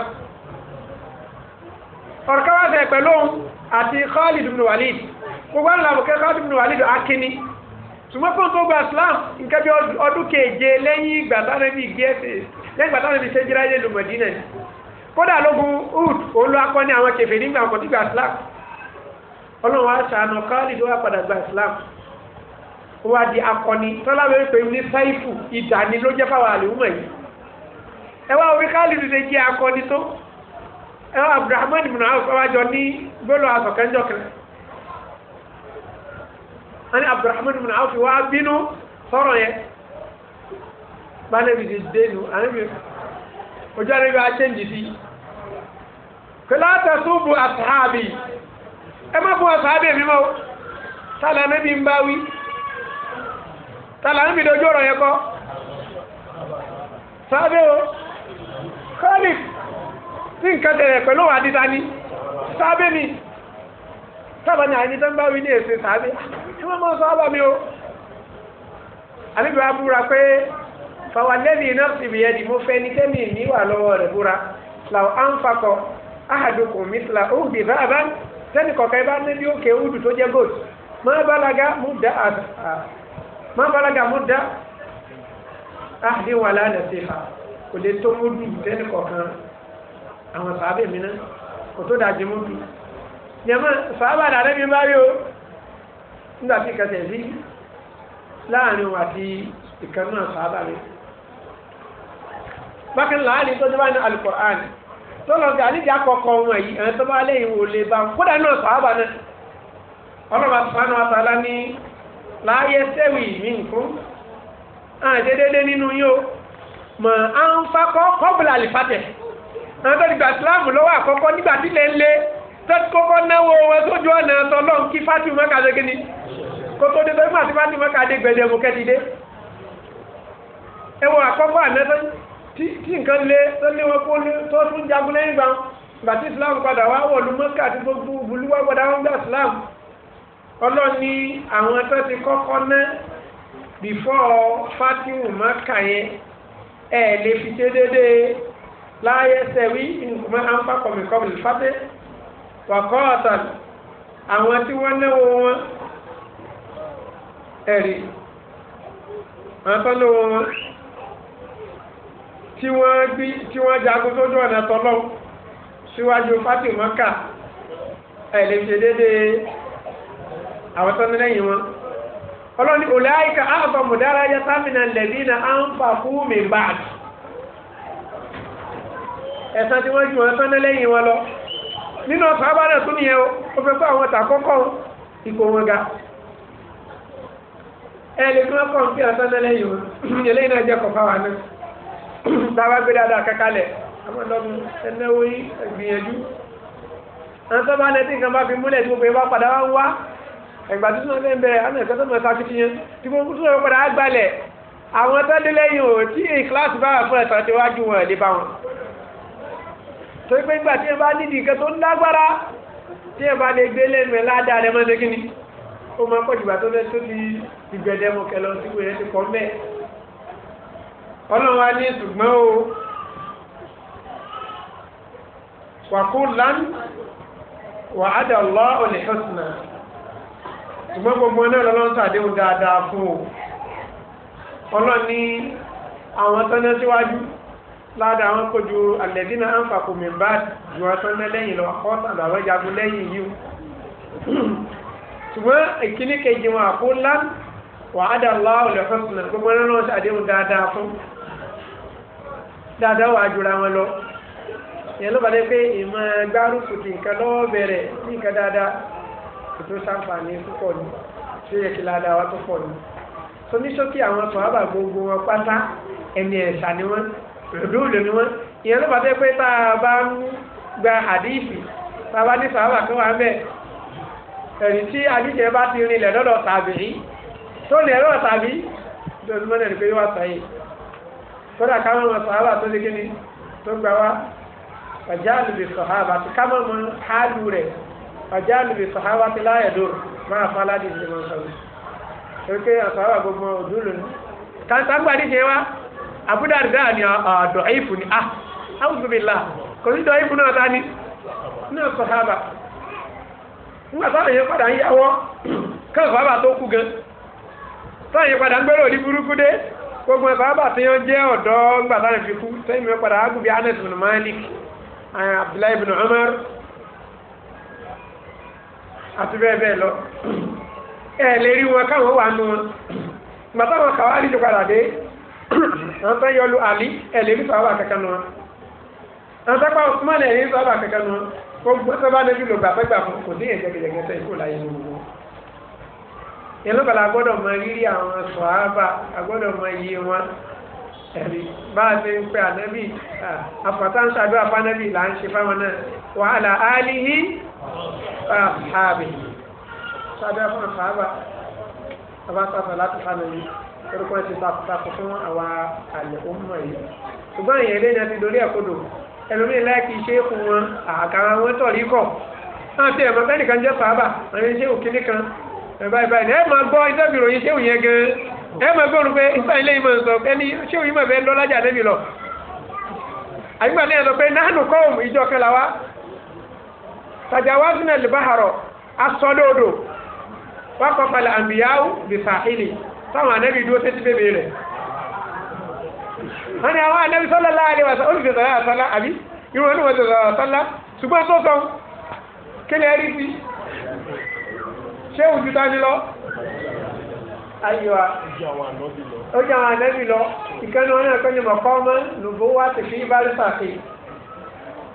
ọ̀rọ̀ káwá sẹ̀ pẹ̀lú àti Khalid ibn Walid gbogbo àwọn làbùkẹ́ Khalid ibn Walid akínni ṣùgbọ́n fún tó gba islam nǹkan bí ọdún keje lẹ́yìn ìgbà táwọn ibi gbé ẹsẹ̀ lẹ́yìn ìgbà táwọn ibi ṣe jíra ilé lùmọ̀dínà ni kódà lógun ud olú akọni àwọn kẹfẹ́ nígbà wọn kò tí gba islam ọlọ́run wa ṣàánú káàlì ló wà padà gba islam ó wá di akọni tọ́lá bẹ́ẹ̀ pé ní sáìfù ìdání ló jẹ́ fáwọn àlùmọ̀ yìí ẹ wá orí káàlì ló ṣe jẹ́ akọni tó ẹ wá abdulrahman ibn awf ọwájọ ní gbọ́lọ́ wọ́n ní abdulrahman bin awf wá bínú sọ̀rọ̀ yẹn bálẹ̀bí ti dénú àníbi ojú àníbi àchẹ́ǹjì sí kìláàtà súnbù àtàbí ẹ má fún àtàbí mi mọ́ tààlà níbi ń bá wí tààlà níbi dojú ọ̀rọ̀ yẹn kọ́ sábẹ́ o kọ́lì tí nǹkan tẹ̀lẹ̀ pẹ̀lú àdìta ni sábẹ́ ni sábà ní àyíní tó ń bá wí ní èsè sàábí tí ah, wọ́n mọ́ sọ́ọ́bà mi o àbíbi wa búra pé fàwa lẹ́bi iná síbi ẹ̀dì mo fẹ́ ní kẹ́mi ní wà lọ́wọ́ rẹ̀ búra làwọn á ń fakọ̀ áhàdùkùn mísìlá òbí bá bá sẹ́ni kọ̀ọ̀kan bá níbi òkè òdù tó jẹ́ gold má bálaga mú dá má bálaga sí ha kò lè tó mú dùn sẹ́ni kọ̀ọ̀kan àwọn sàábì mi kò tó dájú mú dùn jẹ́mọ́ sàábà lànàbí bá rí o nígbà tí kẹsẹ̀ sí láàrin òun àti ìkan náà sàábà rẹ̀ bákan láàrin tó tó bá ní alukur'an tó lọ sí àlejò àkọ́kọ́ wọn yìí àwọn tó bá lẹ́yìn wò lè bá kódà náà sàábà náà ọlọ́ba sàánù àtàlá ní láàyè sẹ́wì mí nǹkan àti dédé nínú yóò mọ̀ à ń fakọ́ kọ́bùlà àlìfàtẹ̀ àwọn tó ti gbà síláàmù lọ́wọ́ àkọ́kọ́ nígbà tí lẹ́ ń lé tẹ́tí kọ́kọ́ náwó wọn sójú ọ̀nà tọ́lọ́n kí fátìmù mọ́kà ṣe kíni kó tó dé tó fún àti fátìmù mọ́kà dé gbẹ̀dẹ̀ mú kẹ́tìdé ẹwọ àkọ́kọ́ àná tí nǹkan lé tó lé wọn kó tó tún jagun lẹ́yìn gbà gbà tí Islam padà wá wọ̀lú mọ́kà àti gbogbo bùlú wá gbọ́dá wọn gbà Islam ọlọ́ni àwọn tó ti kọ́kọ́ ná bìfọ́ fátìmù mọ́kà yẹn ẹ̀ lè fi ṣe déédéé láyé sẹ́wí nǹkan máa ń fà wàkọ́ọ̀tà àwọn tí wọ́n náwó wọn ẹ̀rí àwọn tó náwó wọn tí wọ́n gbí tí wọ́n jagun tó ọ̀nà tọ́lọ́ síwájú fátìmọ́kà ẹ̀lẹ́ fi déédéé àwọn tó lẹ́yìn wọn ọlọ́ni ọ̀làyíká àbọ̀ yẹ sámìnà lẹ́bí na à ń fà fún mi báàdì ẹ̀sán tí wọ́n ju wọn tó nínú ọ̀sán abáná tó nìyẹn ó fẹ́ fún àwọn ọ̀tà kọ́kọ́ ipò wọn ga ẹ lè fún ọkọ̀ ń fi àtọ́nà lẹ́yìn wọn eléyìí náà jẹ́ kọ̀ọ̀fà wa náà táwa gbé dáadáa kẹ́kálẹ̀ àwọn ọlọ́run ẹnáwó yìí gbìyànjú àwọn tó bá nẹ́tí nǹkan bá fi múlẹ̀ tí gbogbo yẹn bá padà wá ń wá ẹ̀gbà tó tún torí pé nígbà tí ẹ bá nídìí nǹkan tó lágbára tí ẹ bá lè gbé lẹ́nu ẹ̀ ládàá rẹ̀ mọ́tẹ́ kí ni ó máa pọ̀ jùlọ tó fẹ́ tó ti ìgbẹ̀dẹ̀mọ̀ kẹlọ tí kò yẹ ti kọ́ mẹ́ ọlọ́run wa ní ṣùgbọ́n o wàkú lan wà á dà lọ́ òlè hosùnà ṣùgbọ́n gbogbo náà lọ́lọ́run sàdéhùn dáadáa fún o ọlọ́run ní àwọn tọ́ná síwájú. Lada àwọn kojú alẹ́dínà àǹfààkù mìíràn ju wọn sọ náà lẹ́yìn lọ ọ̀sán àwọn jagun lẹ́yìn yìí ṣùgbọ́n ìkíní kejì wọn àkó ńlá wà á dà lọ́wọ́ lẹ́fọ́sùnà gbogbo náà lọ́wọ́ sí àdéhùn dáadáa fún dáadáa wà á jura wọn lọ yẹn ló balẹ̀ pé ìmọ̀ gbárùkù ti nǹkan lọ́wọ́ bẹ̀rẹ̀ sí nǹkan dáadáa kò tó sáǹfààní púpọ̀ ni ṣé yẹ kí ládàá wa tó pọ̀ ni so àwọn sọ̀hábà ròdúùlù ni wọ́n ìyẹn ló bàtẹ́ pé tá a bá ń gba àdíìsì tá a bá ní sàábà kan wà mẹ́ ẹ̀rí tí àdíjẹ bá ti rinlẹ̀ lọ́dọ̀ tàbí tó lè lọ́dọ̀ tàbí lọ́dún mọ́nà ìpé wà sáyé kódà káwọn ọmọ sàábà tó lé kíni tó gbà wá ọjà àlùbí sọ̀hábà tí káwọn ọmọ hálù rẹ̀ ọjà àlùbí sọ̀hábà ti láyẹ̀dó máa fọ́ aládìsí mọ́ sọ̀rọ̀ àbúdàrídà ni ọ̀dọ̀ ah, ah, ẹ̀yìnfù ni a ah, áwùsùnbìlà kò sí dọ̀ẹ́yìnfù náà ta ni náà sọ sábà nígbà táwọn èèyàn padà ń yáwọ́ káwọn sábà tó kú gan táwọn èèyàn padà ń gbẹ́rọ̀ òní burúkú dé gbogbo ẹ̀fà bá ti yàn jẹ́ ọ̀dọ́ nígbà táwọn fi kú sẹ́yìn mi padà ágùn bíi Anas bin Malik Abdullahi bin Umar àti bẹ́ẹ̀ bẹ́ẹ̀ lọ ẹ̀ lè rí wọn káwọn wà nù wọn nígbà táwọn kàwárí tó padà dé àwọn tán yọlu àlí ẹ̀lẹ́ ní sọ́ọ́bà kankan nù wọn àwọn tán pa Usman ẹ̀lẹ́ ní sọ́ọ́bà kankan nù wọn gbogbo tó bá lójú lò gbàgbẹ́gbà fún kò dín ìjẹgẹjẹgẹ tẹ ikú láyé nínú wọn. ìlúbalà gbọ́dọ̀ mọ rírì àwọn sọ̀hábà agbọ́dọ̀ mọ iye wọn ẹ̀rí bá a ti ń pẹ́ ànábì àfọ̀tánṣàdúrà fánábì là ń ṣe fáwọn náà wàhálà áálíhí àbí ṣàdúrà fún àfọ̀hábà àbá láti fánábì orúkọ ti takùtakù fún àwa àlẹ́ òmùmá yìí ṣùgbọ́n ìyẹn lé náà ti dorí ẹ̀kọ́dọ̀ ẹlòmíì láìkí iṣẹ́ kù wọn àkàrà wọn tọ̀rí kọ̀ náà ti ẹ̀mọ́ bẹ́ẹ̀ nìkan jẹ́ sàábà àwọn iṣẹ́ òkèlè kan báyìí báyìí ẹ máa gbọ́ iṣẹ́ mi ròyìn iṣẹ́ òyìn gan ẹ máa gbọ́ pé nípa ilé ìmọ̀ sọ ẹni iṣẹ́ òyìn mọ̀ bẹ́ẹ̀ lọ lájà débi lọ àyíkpà náà sọ pé nánú kọ́ọ̀mù ìjọ kan là wá tajawazna al-bahra asọ́dọ̀dọ̀ wákọ̀ọ́kọ̀ táwọn ànábì dúró sétí bèbè rẹ̀ wọ́n ní àwọn ànábì sọ́lá láàrin wàsá olùsè sọ́lá àsọ́lá àbí irú wọn ni wọ́n ti sọ̀rọ̀ sọ́lá ṣùgbọ́n tó sọ kí ni ẹ̀rí sí ṣé òjú ta ni lọ ayọ̀ ó jẹ́ àwọn ànábì lọ ìkànnì wọn náà kọ́ ni mọ̀kọ́ ọmọ nùbó wá ti fi bárísà sí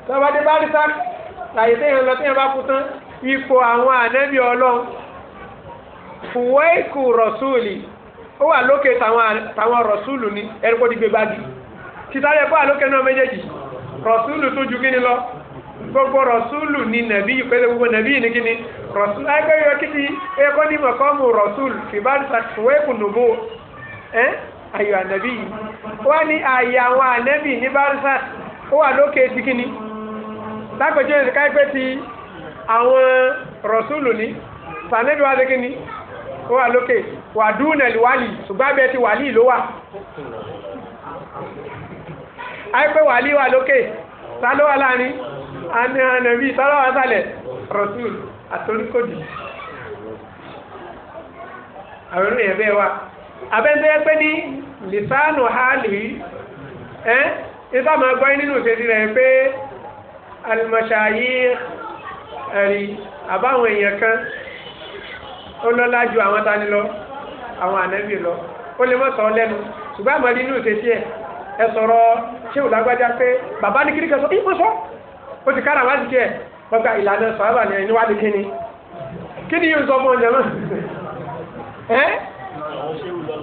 tọ́ba dé bárísà láyé téèyàn lọ téèyàn bá kú tán ipò àwọn ànábì fùwẹ́ ìkù rọ̀súùlì ó wà lókè tàwọn rọ̀súùlù ni ẹni kó di gbégbági títàlẹ̀ kó wà lókè náà méjèèjì rọ̀súùlù tó ju kíni lọ gbogbo rọ̀súùlù ni nàbí ìpele gbogbo nàbí ni kíni rọ̀súùlù ẹgbẹ́ yọ kí ni ẹkọ́ ní mọ̀kọ́mù rọ̀súùlù fìbáríṣà fúwẹ́kù nùbó ẹ́ ayò ànàbí yìí wá ní ààyè àwọn ànàbí ní báríṣà ó wà lókè ti kíni lápẹjọ́ ìsìnká ẹgbẹ́ ti àwọn rọ̀súùlù ni sànẹ́bí wá ti kíni ó wà lókè wàdúnẹ̀lì wàlì ṣùgbọ́n abẹ́ ti wàlì ló wà àìpẹ́ wàlì wà lókè ta ló wà láàrin anàbí sọ́lọ́ wà sálẹ̀ rọ̀tún àtòríkòdì àwọn ènìyàn bẹ́ẹ̀ wà abẹ́ńtẹ́ yẹ pé ní lìsánù hálì ẹ́ ìsá máa gbọ́ nínú ìṣesí rẹ̀ pé alìmọ̀ṣáyé ẹ̀rí àbáwọn èèyàn kan ó lọ́lá ju àwọn tani lọ àwọn ànábì lọ ó lè mọ́ sọ lẹ́nu ṣùgbọ́n àmọ́ inú ìṣesí ẹ̀ ẹ sọ̀rọ̀ ṣé ò lágbájá pé bàbá ní kíríkẹ́ sọ ìmọ̀ sọ ó ti kára wá sí tiẹ̀ wọ́n gba ìlànà sọ̀rọ̀ ní ẹni wá ní kíni kíni yóò sọ fún ọjà náà ẹ́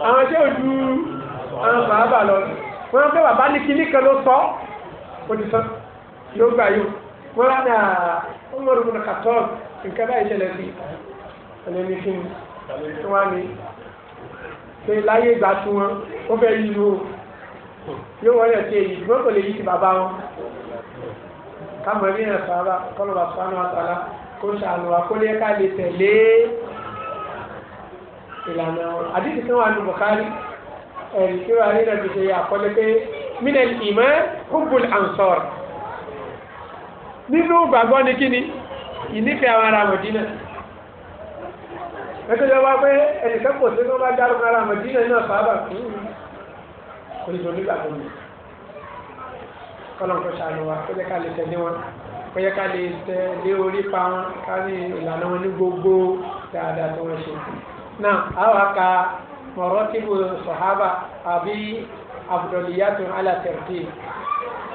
àwọn ṣé ò ju àwọn sọ̀rọ̀ lọ wọ́n pẹ́ bàbá ní kíní kan ló sọ ó ti sọ yóò gbà yóò wọ́n rán náà ó mọ̀rùn-ún kàtọ́ọ̀ nǹkan báyìí ṣẹlẹ̀ ẹni ní kí ni kí wọ́n á ní ṣe láyé ìgbà tí wọ́n ó fẹ́ yí lu o yóò wọ́n yẹ̀ ṣe èyí ṣùgbọ́n kò lè yí ti bàbá wọn kámọ̀ ní ẹ̀ sára kọ́lọ̀bà sánú àtàlá kó ṣàánú àkólé ká lè tẹ̀lé ìlànà wọn àdìsí tí wọ́n á nu Bukhari ẹ̀rí tí wọ́n á rí nàbí ṣe àkọlé pé minel ìmọ̀ hubbul ansor nínú gbàgbọ́ ni kí ni àwọn ará Mọ̀dínà ẹgbẹ́ yọ wá pé ẹnìkan pọ̀ sí ní wọ́n bá dárúkọ ara mọ̀dínà náà fàábà kò ní sọ́dún ìgbàgbọ́ mi kọ́lọ́nkọ́ ṣàánú wa kó jẹ́ ká lè tẹ̀lé wọn kó jẹ́ ká lè tẹ̀lé orí pa wọn ká ní ìlànà wọn ní gbogbo dáadáa tó wọ́n ṣe náà àwa ka mọ̀rọ́tìbù sọ̀hábà àbí àbùdọ̀lìyàtò alàtẹ̀rẹ̀tì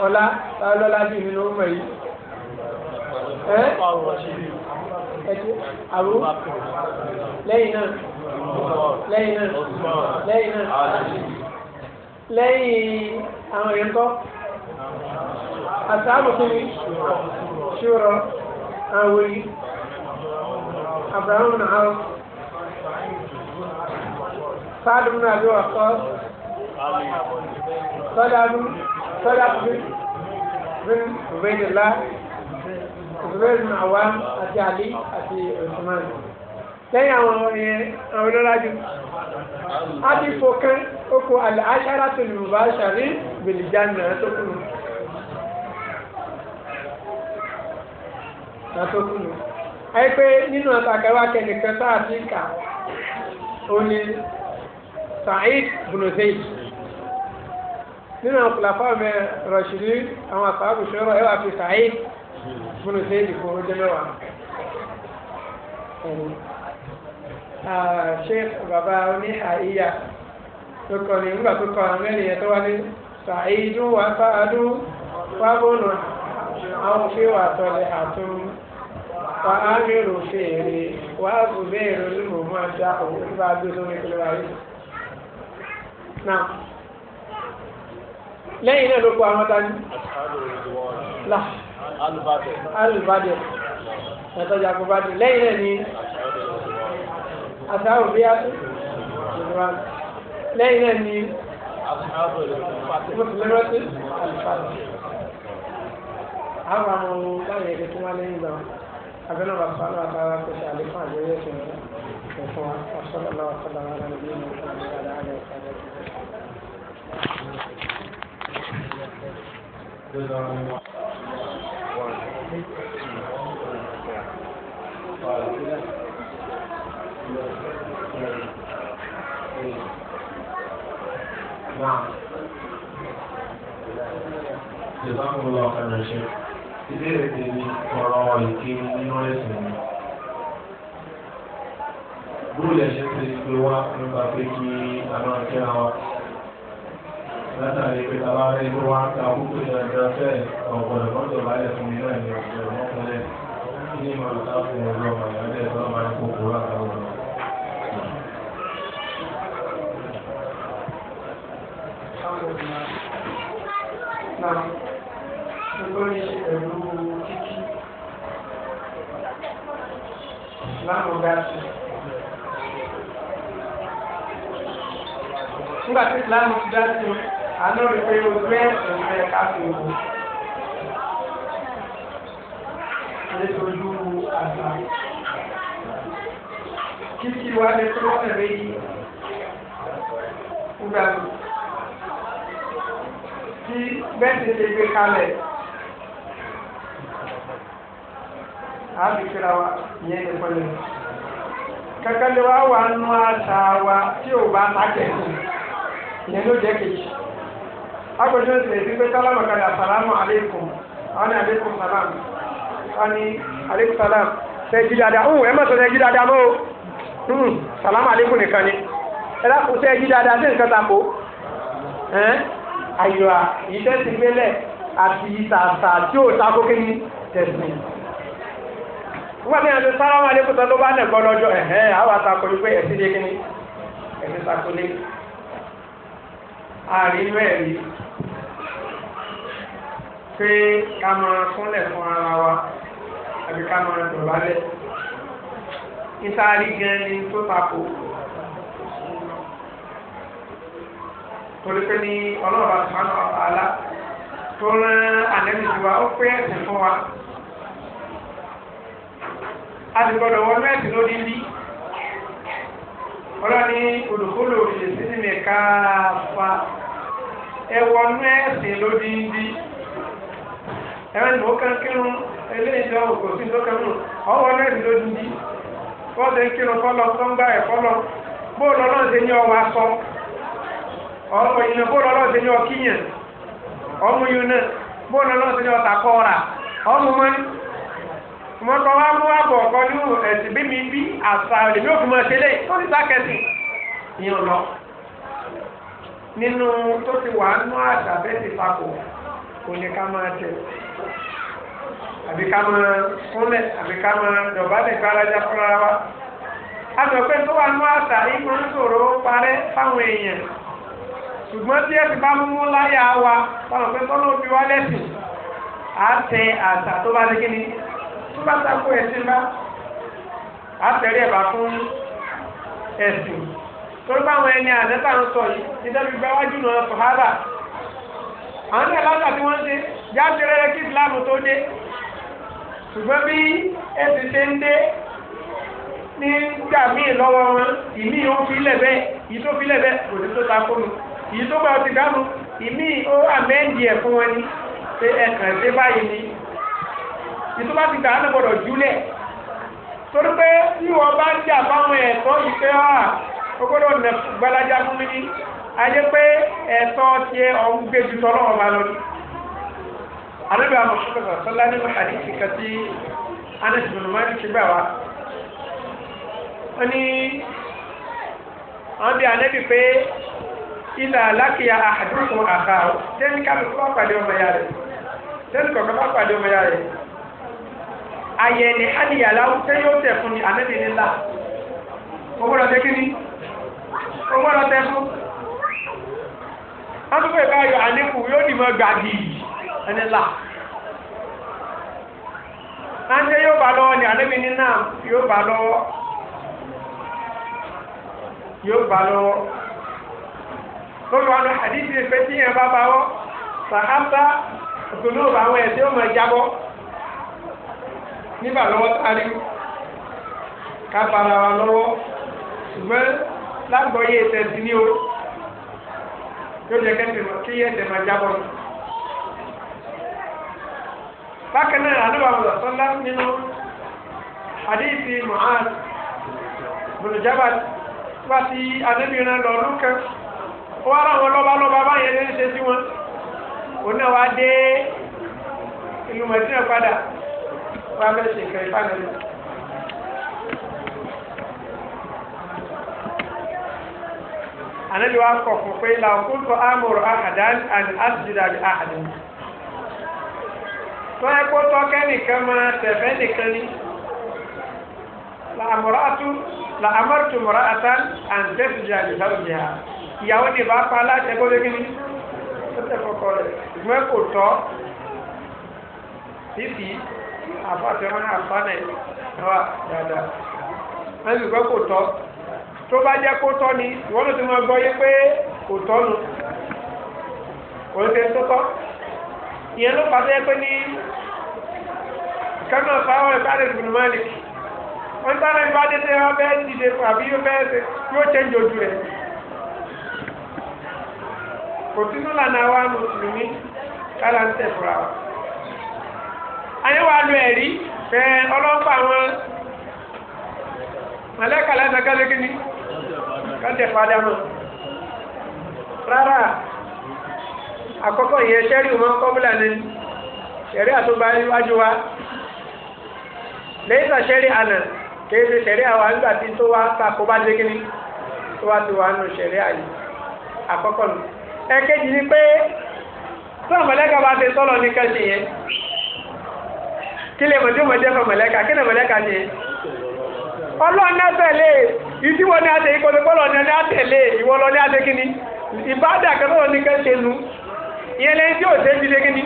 ọlá lọ́lá jù nínú mọ̀ yìí. ẹtú àrò lẹ́yìn náà lẹ́yìn náà lẹ́yìn náà lẹ́yìn àwọn èèyàn kọ́ àtàwọn kiri ṣúrọ àwọn yìí abrahamu náà sáàdù náà bí wà kọ́ sọ́dà bí sọ́dà bí bí bẹ́ẹ̀ zubair bin awam àti ali àti usman lẹ́yìn àwọn yẹn àwọn olólájú adìfo kan oko al-ashara tó lù bá ṣàrí bèlìjà náà tó kùnú. tó kùnú. ayé pé nínú àtàkàwá kẹnìkan sáà ti kà ó ní Sa'id bin nínú àwọn kùlàfà rọ̀ṣìlì àwọn àtàkùn ṣòro fi Sa'id fún ṣéèdì fún ọjọ́ mẹ́wàá ṣé bàbá oní àìyá tó kọ ní nígbà tó kọ àwọn ẹni yẹn tó wá ní sàìdú wà fáadú wà bónú àwọn fi wà tọlẹ àtún wà á mérò fèrè wà á bù náà ló àwọn alùbàdì ẹ̀tọ́jà àkùbàdì lẹ́yìn náà ni àtàwọn òbí àtúnṣe lẹ́yìn náà ni mùsùlùmí alùbàdì àwọn àwọn ohun báyìí ẹgbẹ́ tí wọ́n lẹ́yìn náà abẹ́nà bàbá náà tààrà kò sí àlékún àjẹyẹ fún un fún wa ọ̀sán ọ̀la ọ̀sán ọ̀la ọ̀la níbi ìmọ̀ ìfọ̀nàmọ́ra àlẹ́ ọ̀sán ọ̀la. Thank you. نعم جزاكم الله خيرا شيخ ìbéèrè tèmi ọ̀rọ̀ ìkíni nínú ẹ̀sìn mi bóòlù ẹ̀ṣẹ̀ ti gbé wá nípa pé kí a máa kíra wa látàrí pé tàbá rẹ̀ ló wá ń ka púpọ̀ ìdájọ́ fẹ́ ọ̀gbọ̀dọ̀ mọ́tò báyẹ̀ fún mi náà ní ọ̀gbọ̀dọ̀ mọ́tòlẹ̀ ní ìmọ̀lẹ̀ táfún ọjọ́ ọmọ ìyáde ẹ̀tọ́ ọmọ ẹ̀kọ́ kó látàrí ọ̀gbọ̀dọ̀. Nígbà tí ìsìlámù ti dá sí o àná rí pé o fẹ́ ẹ̀fẹ́ káfíń o. Nítorí àgbà. Kíkí wa lè tó ẹ̀rẹ́ yìí. Fúgbà mi. Tí bẹ́ẹ̀ ti ṣe gbé kalẹ̀. Àbí kíra wa ìyẹn ní pẹ́lú. Kankan lè wá wà nù àṣà wa tí ò bá ta kẹ̀kọ́. Ìyẹn ló jẹ́ kejì agbẹjọ́ ti lè fi pé sálámà kalẹ̀ àsàlámù aleikum àwọn ni aleikum salam wọ́n ní aleikum salam ṣe jí dáadáa ń ẹ má sọ ṣe jí dáadáa mọ́ o salamu aleikum nìkan ni ẹ dákun ṣe jí dáadáa ṣe nǹkan tako ayọ̀ ìṣẹ́ ti gbélẹ̀ àti ìtàtà tí ó ta kókè ní tẹ̀sìn wọ́n ní àti sálámù aleikum sọ ló bá nẹ̀gbọ́n lọ́jọ́ ẹ̀hẹ́ àwọn àtakò ní pé ẹ̀sìn dé àrínú ẹ̀rí pé ká máa kúnlẹ̀ fún ara wa àbí ká máa dọ̀bálẹ̀ nítorí gan ni tó tako torí pé ní ọlọ́ọ̀bá sùpánù àlá tó rán ànẹ́bí tiwa ó pé ẹ̀sìn fún wa a ti gbọ́dọ̀ wọ́n mẹ́sìn lódìdí. ọlọ́ni olùkólò ìṣèṣin mi káfa ẹwọnú ẹ̀sìn lódìndí ẹ̀rọ ìmọ̀ kan kírun eléyìí òkò sí tó kẹrù ọwọ́ ẹ̀sìn lódìndí wọ́n ti ń kírun kọ́lọ tó ń gbá ẹ̀ kọ́lọ bóòlù ọlọ́run ti ní ọwọ́ ọmọ bóòlù ọlọ́run ní ọkíyàn ọmọ bóòlù ọlọ́run ní wọ́n kọ́ wá mú àbọ̀ pẹ̀lú ẹ̀sìn bí mi bí àṣà èmi ò fi mọ̀ ṣe lé tó ti sákẹ́sì ìyẹn lọ nínú tó ti wà nú àṣà bẹ́ẹ̀ ti papọ̀ kò ní ká máa tẹ̀ àbí ká máa kúnlẹ̀ àbí ká máa dọ̀bálẹ̀ gbáradá fúnra wa àtọ̀pẹ́ tó wà nú àṣà ìgbó ń sòro parẹ́ fáwọn èèyàn ṣùgbọ́n tí ẹ̀sìn bá mú láyà wa fáwọn pẹ́ tọ́lọ́ fi wá lẹ́sìn àtẹ àṣà tó bá ti kí bá takò ẹ̀sìn bá àtẹ̀rí ẹ̀bà fún ẹ̀sìn torí báwọn ẹni àdẹ́ta ń sọ yìí nítorí bá wájú náà sọ̀hábà àwọn ẹ̀rọ àgbà tí wọ́n ṣe jáde rẹ̀ kí ìsìláàmù tó dé ṣùgbọ́n bí ẹ̀sìn ṣe ń dé ní gbà míì lọ́wọ́ wọn ìmí ó fi lẹ̀bẹ́ ìyí tó fi lẹ̀bẹ́ kò ní tó ta kó mi ìyí tó bá ti dánu ìmí ó àmẹ́ǹdì ẹ̀ fún wọn ni ṣe ẹ̀kàn ṣe báyìí ni ìtọ́ bá ti gbà á lọ gbọ́dọ̀ júlẹ̀ torí pé bí wọ́n bá ń jà fáwọn ẹ̀tọ́ ìfẹ́ wà ah, ó gbọ́dọ̀ nà gbalaja fún mi ní ayé pé ẹ̀tọ́ tiẹ̀ ọ̀hún gbé ju tọ́ lọ́wọ́ bá lọ ní. àdébà mọ̀ṣúkọ̀sọ̀ sọ́lá nínú àdìsí kan tí Anas bin Malik gbà wá. wọ́n ní wọ́n bí Ànábì pé ilà alákìyà àdúgbò àkàrò tẹ́ni ká ló pàdé ọmọ yá rẹ̀ tẹ́ni kọ̀ọ̀kan bá pàdé ọmọ yá rẹ̀ ayẹ ni aliyàlá ṣé yóò tẹ̀ fún ni ànábì nílá mo gbọ́dọ̀ tẹ́ kíní mo gbọ́dọ̀ tẹ́ fún wọ́n tún fẹ́ báyọ̀ àlékù yóò dì mọ́ gbàdì ẹnìlá ránṣẹ́ yóò bá lọ́wọ́ ni ànábì nílá yóò bá lọ́wọ́ yóò bá lọ́wọ́ lórí wọn lọ àdídì ìfẹ́ tí yẹn bá bá wọ́ sàhábà òkùnú òbáwọ̀ ẹ̀ tí ó mọ̀ jábọ́ nígbà lọ́wọ́ tárí ká fara wa lọ́wọ́ ṣùgbọ́n lágbọ́yé tẹ̀sí ní o yóò jẹ́ kẹ́tẹ̀ kí ẹ̀sẹ̀ máa jábọ̀ ní. bákan náà àdúgbò sọ́lá nínú hadithi Mu'adh bin Jabal wá sí anábìrin lọ lókè ó wá ráwọn lọ́balọ́ba báyẹn lè ṣe sí wọn òun náà wá dé ìlú Mẹ̀dínà padà bá bẹ́ẹ̀ ṣe nǹkan ìbánilẹ̀. ànábi wa kọ̀ fún pé làwọn kò amòrò àhàdán and asjidà bí àhàdán. tó ẹ kó tọ́kẹ́ nìkan máa tẹ̀fẹ́ nìkan ni. làmúràtú làmúràtú múràtán and tẹ̀síjà bí sáwùjì ha. ìyàwó ni bá pa aláṣẹ kó lé kíni. ó tẹ̀ fọkọ rẹ̀ ìgbẹ́ kò tọ́. títí àfa àtẹwọn náà àfa náà wà dáadáa wọn sì gbọ́ kò tọ́ tó bá jẹ́ kó tọ́ ni ìwọ́n ló ti máa gbọ́ yé pé kò tọ́ nu òun ti tó tọ́ ìyẹn ló pàṣẹ pé ní kánú ọ̀sáwọ̀ ìbáde ìbùnú mọ́lì wọ́n tára ìbáde tẹ́ wọ́n bẹ́ẹ̀ dìde àbí yóò bẹ́ẹ̀ ṣe yóò ṣe ń jojú rẹ̀ kò sínú lànà wa mùsùlùmí kálá ń tẹ̀ fúra wa. anyị wa lu ẹ̀rí ẹ ọlọ́pàá àwọn mọ̀lẹ́kàlẹ́ ẹ̀sán kẹ́lẹ́ kí ni kọ́ńtẹ̀ fàdà mọ̀ rárá àkọ́kọ́ ìyẹn sẹ́rí ọmọ kọ́bùlà ni sẹ́rí àtúgbà níwájú wa lẹ́yìn tó wá tako bá to wa tó wá ti wà nù sẹ́rí àyè ni n'i ka kí lè mọ̀tí mọ̀tí ẹ̀fọ́ mọ̀lẹ́ka kí lè mọ̀lẹ́ka ṣe. ọlọ́run náà tẹ̀lé ìdíwọ́ ní àtẹ ìkọ́ni pọ́lọ́ ní a tẹ̀lé ìwọ lọ ní àtẹ kíni ìbádà kẹfọ́ ní kẹ́ ṣe nu ìyẹn lẹ́yìn tí ò ṣe fi ṣe kíni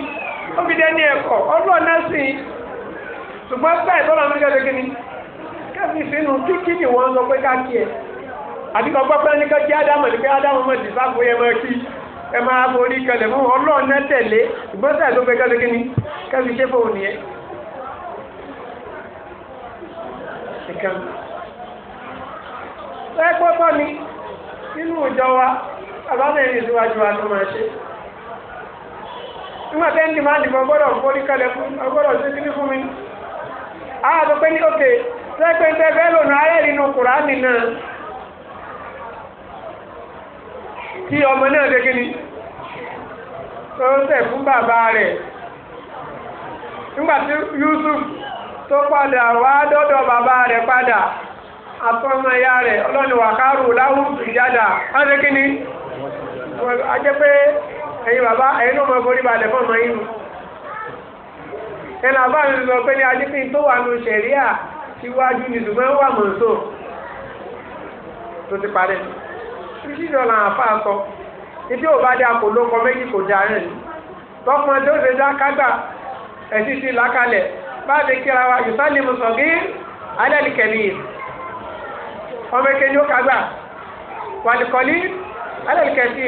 ó fi dẹ́ ní ẹ̀kọ́ ọlọ́run náà sì ṣùgbọ́n bẹ́ẹ̀ tọ́lọ́ ní kẹ́ ṣe kíni kẹ́fì sínú kíkí ni wọ́n sọ pé ká kí ẹ̀ àti kọ́ pẹ́pẹ́ ní kẹ́ kí ádámù ní kẹ́ ádámù mọ̀ sí sáfù yẹn mọ́ kí ẹ máa borí kẹlẹ̀ fún ọlọ́run ìgbọ́sẹ̀ tó fẹ́ kẹ́ ṣe kíni kẹ́fì ṣe fóun nìyẹn nìkan lẹ́gbọ́tọ́ ni nínú ìjọ wa àbábẹ̀rẹ̀ ìṣíwájú wa ló máa ṣe nígbà tẹ́ ń dì máa dìbọn gbọ́dọ̀ forí kalẹ̀ fún ọgbọ́dọ̀ sí kíní fún mi pé ní òkè ń tẹ́ ayé nínú kùránì náà ọmọ náà ṣe tẹ̀ tó padà wá dọ́dọ̀ bàbá rẹ̀ padà àtọ́mọ ìyá rẹ̀ ọlọ́ni wàkárù láwù ìjádà ọdẹ kí ni a jẹ́ pé bàbá ẹ̀yin náà máa forí balẹ̀ fọ́ọ̀mọ yín mu bá sọ pé ní adífín tó wà nù sẹ̀ríà wà mọ̀ tó ti parẹ́ sọ ibi ò bá dé méjì kò rẹ̀ tọkùnrin tó ṣe dá kágbà bá a ti kíra wa yóò sálẹ̀ mùsọ̀gí alẹ́lì kẹ̀lì ọmọ ẹ̀kẹ́ ni ó kagbà wàlìkọ́lí alẹ́lì kẹ̀lì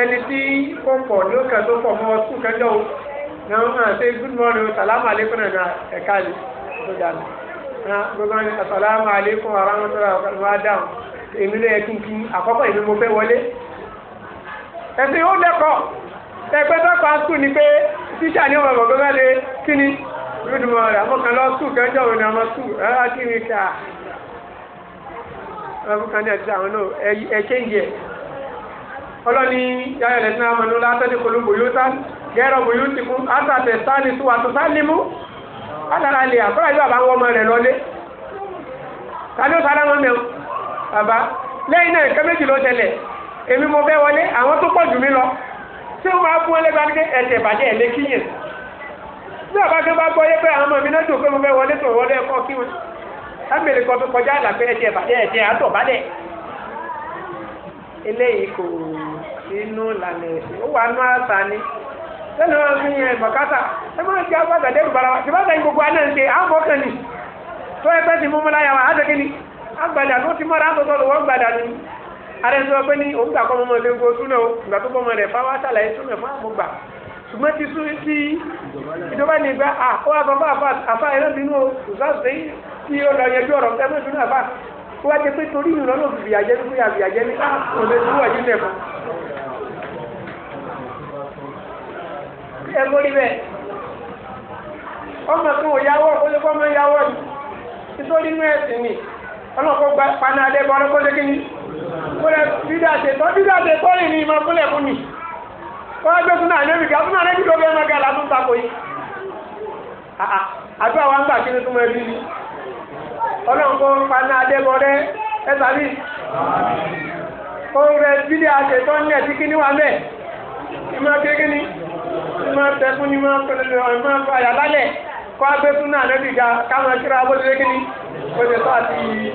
ẹni tí ó pọ̀ ní ó kẹ́ tó pọ̀ mọ́ ọtún kẹjọ́ o na wọn náà ṣe good morning salamu aleykum na ẹ̀ka ni tó dànù na gbogbo ẹni salamu aleykum aramọtara ọkọ adamu èmi ló yẹ kí n kí àkọ́kọ́ èmi mo fẹ́ wọlé ẹ̀sìn ó lẹ́kọ̀ọ́ ẹgbẹ́ tó pa sùn ni pé tíṣà ní ọmọ bàbá bá lè kí ni lódùmọ̀ rẹ̀ àmọ́kan lọ sùn kẹjọ òun ni a máa sùn rárá kí ni ká ọlọ́run kan ní àti àwọn náà ẹ ṣéǹjì ẹ̀ ọlọ́ni yáyọ̀ lẹ́sìn náà mọ̀nú látọ́jú kọlu bòyótá gẹ́rọ bòyótì fún àtàtẹ̀ sáni tó wà tó sáni mú látara lè àkọ́rọ̀ yóò bá wọ́n ọmọ rẹ̀ lọ́lé tani ó sára wọn mẹ́wọ́ bàbá lẹ́yìn náà nǹkan méjì ló tẹ̀lẹ̀ èmi mo bẹ́ wọlé àwọn tó pọ̀ jù mí lọ tí ó máa fún ẹlẹ́gbàá ní pé ẹ̀jẹ̀ ìbàjẹ́ ẹ̀lẹ́ kíyàn tí bàbá bá gbọ́ yé pé àwọn ọmọ mi náà mo fẹ́ wọlé tó wọlé ẹ̀kọ́ kí wọn kan tó kọjá ẹ̀jẹ̀ ẹ̀jẹ̀ àtọ̀ eléyìí kò lànà ẹ̀sìn ó wà nú àṣà ni lẹ́nu wọn fi yẹn ẹ máa wa gbogbo ń ṣe àbọ̀ kan ni tó ẹgbẹ́ ti mú wa ara ẹni tó wọ́n pé ní òun gbà kọ́ ọmọ ọdẹ gbogbo súnà o ìgbà tó gbọ́mọ rẹ̀ fáwọn àṣàlàyé súnà fún àwọn gbà ṣùgbọ́n ti sún sí ìjọba ní ìgbà à ó wà sọ fún àfa àfa ẹ̀rọ bínú o ìsáàsì tí ó lọ yẹjú ọ̀rọ̀ ẹgbẹ́ ìdúnà àfa ó wá jẹ pé torí ìrìnà náà fìyà jẹ ní fìyà fìyà jẹ ní ọ̀dẹ tó wà nílẹ̀ fún. ẹ gbórí bẹ́ẹ̀ ọmọ kan ò yáwọ́ olùkọ́ mọ́ yáwọ́ nítorí inú ẹ̀sìn ni ọlọ́kọ̀ gba paná adé bọ́ ọlọ́kọ̀ lé kúlẹ̀ dídá ṣètọ́ dídá ṣètọ́ lè ní ìmọ̀ kúlẹ̀ fún mi wọ́n gbé súnà ká súnà tó bẹ́ẹ̀ látún yìí àti àwọn kí ni ọlọ́run kó paná rẹ ní ẹ̀sí kíní wa mẹ́ ìmọ̀ kékeré ìmọ̀ tẹ̀kún ìmọ̀ àyàlálẹ̀ kó agbé súnà ká káwọn kíra bó ti lé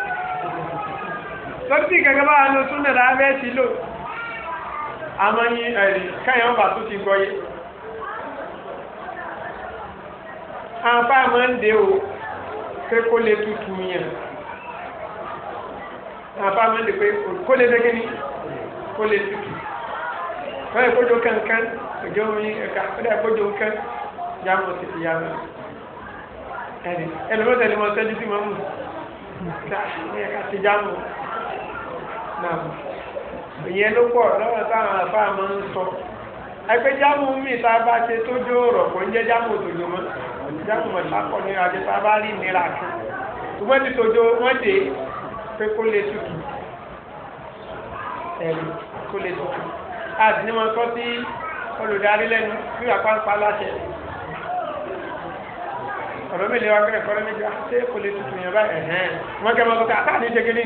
torí tí kankan bá lọ sún náà lábẹ́ ti lò àmọ́ yín ẹ̀rí káyọ̀ ọba tó ti gbọ́ yé àǹfà máa ń dé o pé kó lè tutù yẹn àǹfà máa ń dé pé kó lè dẹ́gẹ́ ni kó lè tutù wọ́n yẹ kójó kankan ìjọ yín ẹ̀ka ó dẹ́ kójó kankan jáàmù ti fi yá lọ ẹ̀rí ẹlòmọ́tẹ́lẹ́mọ́tẹ́jú sí mọ́mù ká ẹ̀ka ti jáàmù náà ìyẹn ló pọ̀ lọ́wọ́ táwọn afá máa ń sọ ẹgbẹ́ jámù mi tá a bá ṣe tó jó rọ̀ kò ń jẹ́ jámù òdòdó mọ́ jámù mọ̀tàkọ̀ ní adé tá a bá rí ìnira kan ṣùgbọ́n ti tòjó wọ́n dé pé kó lè tutù ẹ̀rù kó lè tutù àti ní wọn kọ́ sí olùdarí lẹ́nu bí àpáńpá láṣẹ ọ̀rọ̀ mi lè wá kẹ́kọ̀ọ́ lẹ́mẹ́jọ ṣé kó lè tutù yẹn báyìí ẹ̀hẹ́n kẹ́ mọ́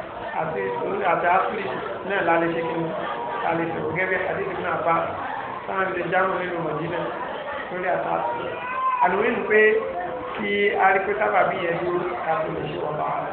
àti orí àti áfírí náà lálẹ́ ṣe kí ni lálẹ́ ṣe gẹ́gẹ́ bí àti ìdìbò náà bá sáà ń lè jáwọ́ nínú mọ̀jìnà lórí àti áfírí. àlùmí ni pé kí arípé sábà bí yẹn dúró láti lè ṣe ọba náà.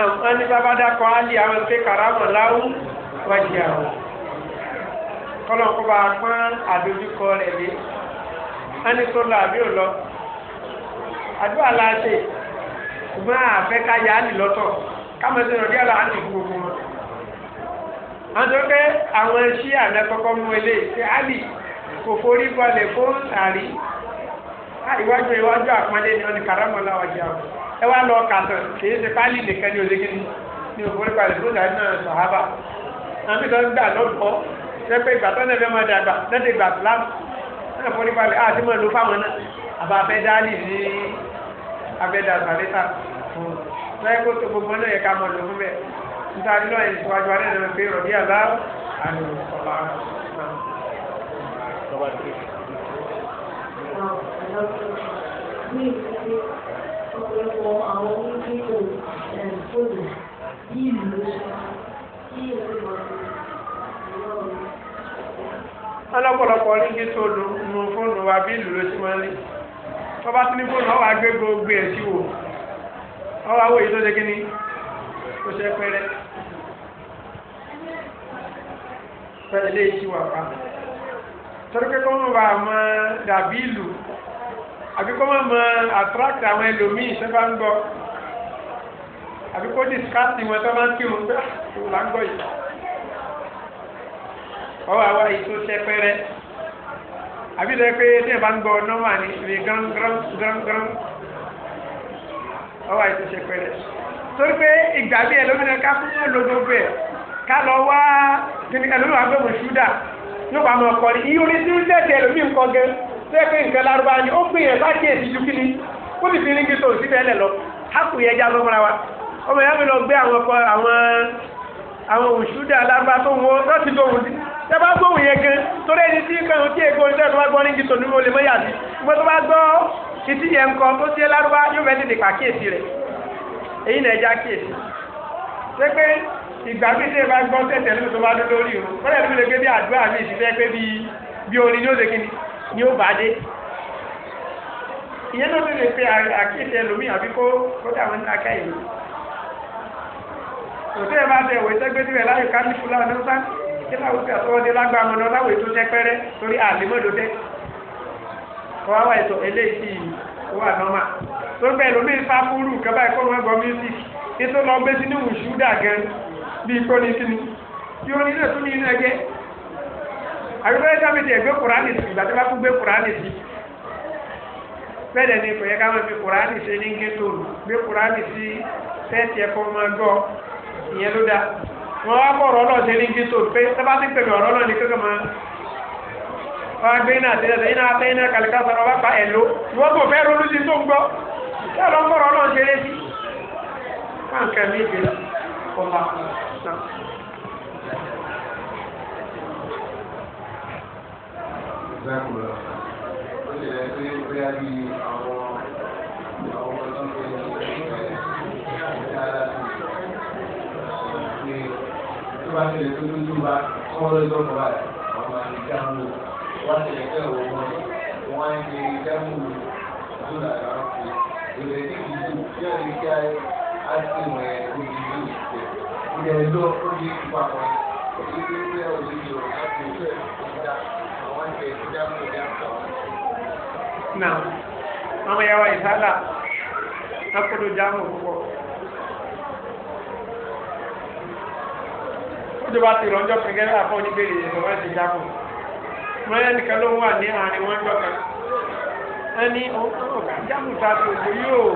náà wọ́n ní bàbá dákọ̀ áàlì àwọn pé kàrámọ̀ láwù wájú àwọn kọ́lọ́kọ́ba pọ́n àdójúkọ rẹ̀ lé wọ́n ní sọ́lá àbí òlọ́ àdúrà láṣẹ ṣùgbọ́n àfẹ́ ká yá àlì lọ́tọ̀ kámọ́ sí ọdí àlà àti gbogbo wọn. wọ́n tó pé àwọn ṣí àná kọ́kọ́ mú ilé ṣe àlì kò forí balẹ̀ fún àrí iwájú iwájú àpọ́nlé ni wọ́n ní kàrámọ̀ láwájú àwọn ẹ wá lọ kàtàn kìí ṣe pálí nìkan ní òṣèké ní òfòrí palẹ̀ tó dàbí náà sọ̀hábà àmì tó ń gbà lọ́dọ̀ sẹ́pẹ́ ìgbà tó nẹ̀fẹ́ máa dàgbà lẹ́dẹ̀ ìgbà sílámù náà fọ́rí palẹ̀ á ti máa lo fáwọn náà àbá abẹ́ dálì ní abẹ́ dàgbà lẹ́tà lẹ́yìn kó tó gbogbo náà yẹ ká máa lò bẹ́ẹ̀ níta nínú àyè ìṣíwájú alẹ́ Thank you wọ àwọn onímọ̀ fóònù bí ìlú tí ọlọ́pọ̀lọpọ̀ oníṣẹ́ tó nu fóònù wa bí ìlú ló ti máa ń lé tọ́ba tí ní fóònù ọwọ́ agbé gbogbo ẹ̀ sí wò ọwọ́ awọ èyí tó ṣe kíní tó ṣe pẹ́rẹ́ pẹ́rẹ́ lé ìṣíwà pa torí pé kọ́ńtù bá máa dàbí ìlú àbíkọ́ máa mọ attract àwọn ẹlòmíì tó bá ń gbọ́ àbíkọ́ discard wọn tó máa ń kírun pé kò ah, là ń gbọ́ yìí ọwọ́ àwa yìí tó ṣe pẹ́rẹ́ àbí lẹ́ pé tí ẹ̀ bá ń gbọ́ nọ́mà ni rí gán gán gán gán ọwọ́ àyè tó ṣe pẹ́rẹ́ torí pé ìgbà bí ẹlòmínà ká fún wọn lójoojú ẹ̀ ká lọ wá kíni ẹlòmínà wà gbẹ̀mọ̀ ṣúdà yóò bá mọ̀ ọkọ ní iye orí tí ó ń tẹ̀sẹ̀ ẹlòmíì ń sẹ́pẹ́ nǹkan lárúbá ni ó pè yẹn bá tiẹ̀ ti ju kíni ó sì fi ríngì tó sí tẹ́lẹ̀ lọ hákù yẹn já wa ọmọ yẹn mi lọ gbé àwọn ọkọ àwọn àwọn òṣùdà lárúbá tó wọn lọ́sí tó wọn sí bá gbóhùn yẹn gan torí ẹni tí kan tí èkó ní sẹ́yìn bá gbọ́ ríngì tó ní mo lè tó bá gbọ́ títí yẹn ń kọ tó lárúbá yóò fẹ́ tètè pàkíyèsí rẹ̀ èyí nà kíyèsí ìgbà o fẹ́rẹ̀ lè bí àdúrà mi ni ó bá dé ìyẹn náà ló lè pe àkíyèsí ẹlòmíì àbí kó kó dàwọn ní akẹ́yìn òtún ẹ̀ máa tẹ ìwé sẹ́gbẹ́sí rẹ̀ láyé ká ní fúlàní ń sá kí láwùjọ tí àtọwọ́dé lágbàá mọ́ná láwùjọ tó jẹ́ pẹ́rẹ́ torí àlèmọ́dò tẹ́ kọ́ wá wá ètò eléyìí tí wà nọ́mà tó bẹ́ẹ̀ lómi ń sá fúrú kẹ́bá ẹ̀kọ́ wọn gbọ́ music kí tó lọ gbé sí ní wùsùdà gan bíi kọ́ni kíni tí ó nílẹ̀ tún ní inú ẹgbẹ́ àbíkọ́lẹ́ sábẹ́tì ẹ̀gbẹ́ kùránì sí ìgbà tó bá kú gbé kùránì sí bẹ́ẹ̀ ni kò yẹ ká máa fi kùránì sí ní gẹ́tò gbé kùránì sí sẹ́ẹ̀tì ẹ̀kọ́ máa gbọ́ ìyẹn ló dáa wọ́n wá bọ̀ ọ̀rọ̀ náà sí ní gẹ́tò pé sábà ti pèmí ọ̀rọ̀ náà ní kankan máa wọ́n gbé náà sí ẹ̀sẹ̀ iná atẹ́ iná kàlíkà sọ̀rọ̀ wá pa ẹ̀ló wọ́n kò fẹ́ ronú sí tó ń gbọ́ kí ìgbàkùnrin ó lè rẹ pé ó yá bí àwọn àwọn ọlọ́pẹ́ ìgbàlára pé tó bá tẹ̀lé tó dúdú bá kọ́ lọ́jọ́ kọ́ báyìí àwọn àti dáhùn wá tẹ̀lé tẹ̀ wọ́n mọ́ wọ́n á ń gbé dáhùn lọ́dọ̀ àwọn ọ̀pẹ́ ìrẹ̀lẹ̀ ìdìbò yóò rí kí á sì wọ̀ ẹ́ òjì yìí ìrẹ̀lẹ̀ lọ́ọ́ ó di ìpapọ̀ ìdílé pé òjì yìí ò náà àwọn yàrá ìsálà akódó jáàmù púpọ̀. ìjọba ti rọjò kẹkẹ àfọ oníbèrè ìjọba ti jáàmù mọ́lẹ́ nìkan ló wà ní àárín wọn jọ kan ẹni ọ̀gá jamu ta ti òjò yóò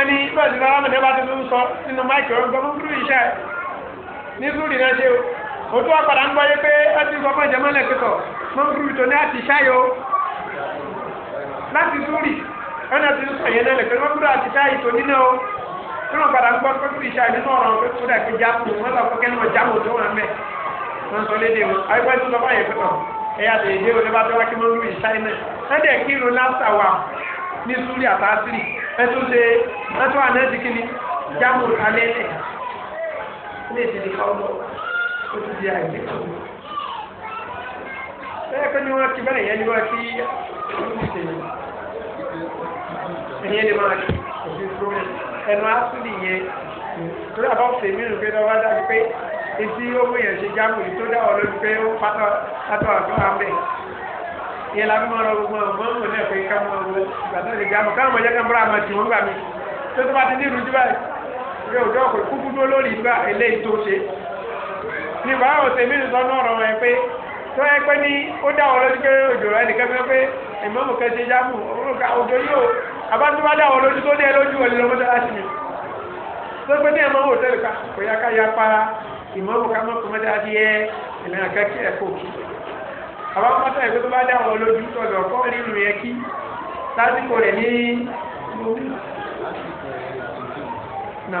ẹni bẹ́ẹ̀ ni lára mẹ́tẹ́ bá ti ń sọ nínú máìkì ọ̀gbọ́n mú lórí iṣẹ́ ní lórí náà ṣe o ó tún apàdà ń gbọ́yé pé ẹ ti sọ fún ìjẹmọ́lẹ̀ pẹ̀tọ̀ mọ́nkúrú tó ní àti ṣáyò láti súrì ẹnà ti sọ yẹn náà lẹ́pẹ́ mọ́nkúrú àti ṣáyì tó nínú o tí wọ́n padà ń gbọ́ pé kúrì ṣáyì nínú ọ̀rọ̀ pé kúrì àti jáàmù wọ́n sọ fún kẹ́ni wọ́n jáàmù tó wọn mẹ́ wọ́n sọ léde wọn àyíkọ́ tó sọ fún àyè pẹ̀tọ̀ ẹ̀yà lè dé olè bá fẹ́ wá kí mọ́nkúrú ṣáyì náà ẹ̀ kírun láṣà wà ní súrì àtàsírì ẹ̀ tó ṣe ẹ̀ tó àná ó ti di àìsè bẹ́ẹ̀ pé ní wọ́n ti bẹ́ẹ̀ yẹn ni wọ́n ti ṣe ẹ̀yẹ́ lè máa ṣe òfin fúnmi ẹnu asúlì yẹn torí àbá ọ̀sẹ̀ mìíràn pé lọ́wọ́ dájú pé etí ó mú yẹn ṣe jáàmù yìí tó dá ọ lórí pé ó pátá pátá àgbà àmì yẹn la mímọ́ lọ́wọ́ gbọ́n mọ́ mọ́ náà pé ká mọ́ ọ́ ìgbà tó ṣe jáàmù káwọn ọmọdé kan bọ́ra àmọ́ tì wọ́n gbà mí tó tó bá ti ní ìrújú báyìí pé òjò ọkọ̀ kúkú dúró lórí ìgbà eléyìí tó ṣe ní bàbá òsèmí nìkan náà rọ̀ wọ́n pé tó yẹ pé ní ó dá wọn lójú pé òjò rẹ nìkan fẹ́ pé ìmọ̀mù kan ṣe jáàmù òjò yóò abátúbá dá wọn lójú tó ní ẹ lójú wọlé lọ́mọ tó láti mi tó pé ní ẹ̀mọ́ wò tẹ́lẹ̀ ká kò yá ká yá para ìmọ̀mù ká mọ̀ kó mọ́ dáadé yẹ ìlànà kẹ́kẹ́ ẹ̀kọ́ kí àwọn mọ́tò ẹ̀kọ́ tó bá dá wọn lójú tó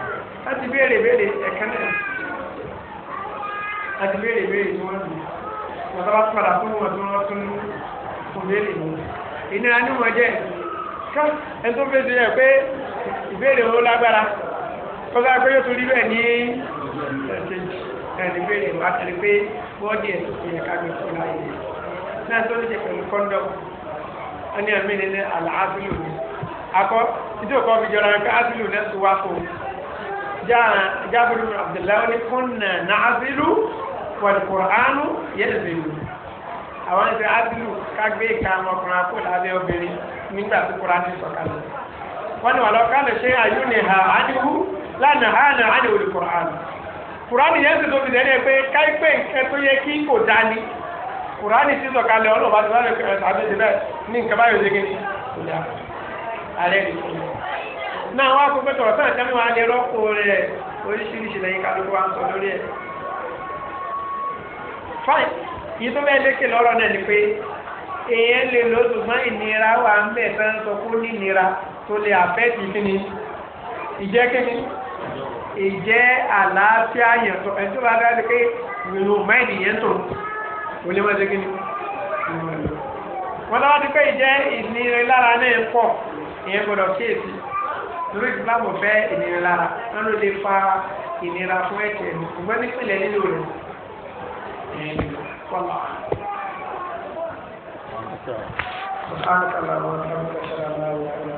wọ́n ti béèrè béèrè ẹ̀ka náà wọ́n ti béèrè béèrè tí wọ́n lù wọ́n bá padà fún wọn tí wọ́n tún fún béèrè wọn. ìnira ni wọ́n jẹ́ ká ẹni tó fẹ́ẹ́ sọ pé ìbéèrè wọn lágbára kọ́sá pé yóò tún rí bẹ́ẹ̀ ní ẹ̀ẹ́dẹ̀ẹ́dì béèrè wọn àtẹ̀lé pé bọ́ọ̀dì ẹ̀sùn ti ẹ̀ka gbé fún láyé náà tó ní ṣe pẹ̀lú kọ́ńdọ̀mù wọ́n ní àmì nínú àlàáfíà lò ní akọ́ ìdí òkọ́ fi jọra pé áfíà lò ní ẹ̀sùn jábìrì abdullahi ní kọ́nà nàásìlú wàlùkùránù yẹ́dẹ̀bẹ̀lú àwọn ẹ̀sẹ̀ ásìlú kágbé ìka ọmọkùnrin àpò lábẹ́ obìnrin nígbà tó kúrò ní sọ̀kalẹ̀ wọ́n ní wà lọ kálẹ̀ ṣe àyúnì ha àdìwú lánà ha nà àdìwú ní kùránù kùránù yẹn ti tóbi dẹ́rẹ́ pé káípẹ́ nǹkan tó yẹ kí kò dání kùránì ti sọ̀kalẹ̀ ọlọ́ọ̀bá ti wá lè kẹrẹ̀ tàbí ti bẹ́ẹ̀ ní nǹkan báyọ̀ náà wá fún pẹ́tọ̀ wa lè rọ́pò rẹ̀ oríṣiríṣi lẹ́yìn kálukú wa ń sọ lórí ẹ̀. fáìn yìí tó bẹ́ẹ̀ lékè lọ́rọ̀ na ni pé èèyàn lè lò ṣùgbọ́n ìnira wà ń bẹ̀ fẹ́ ń sọ fún to le lè àfẹ́ẹ̀tì kíni ije kíni ije àlàáfíà yẹn tó yẹn ti pé ìnira náà ìyẹn torí ìsìlámù fẹ́ ìnira lára wọn ló lè fa ìnira fún ẹ̀jẹ̀ ẹ̀mí ṣùgbọ́n nípìnlẹ̀ nílò rẹ̀ سبحانك اللهم وبحمدك اشهد ان لا اله الا انت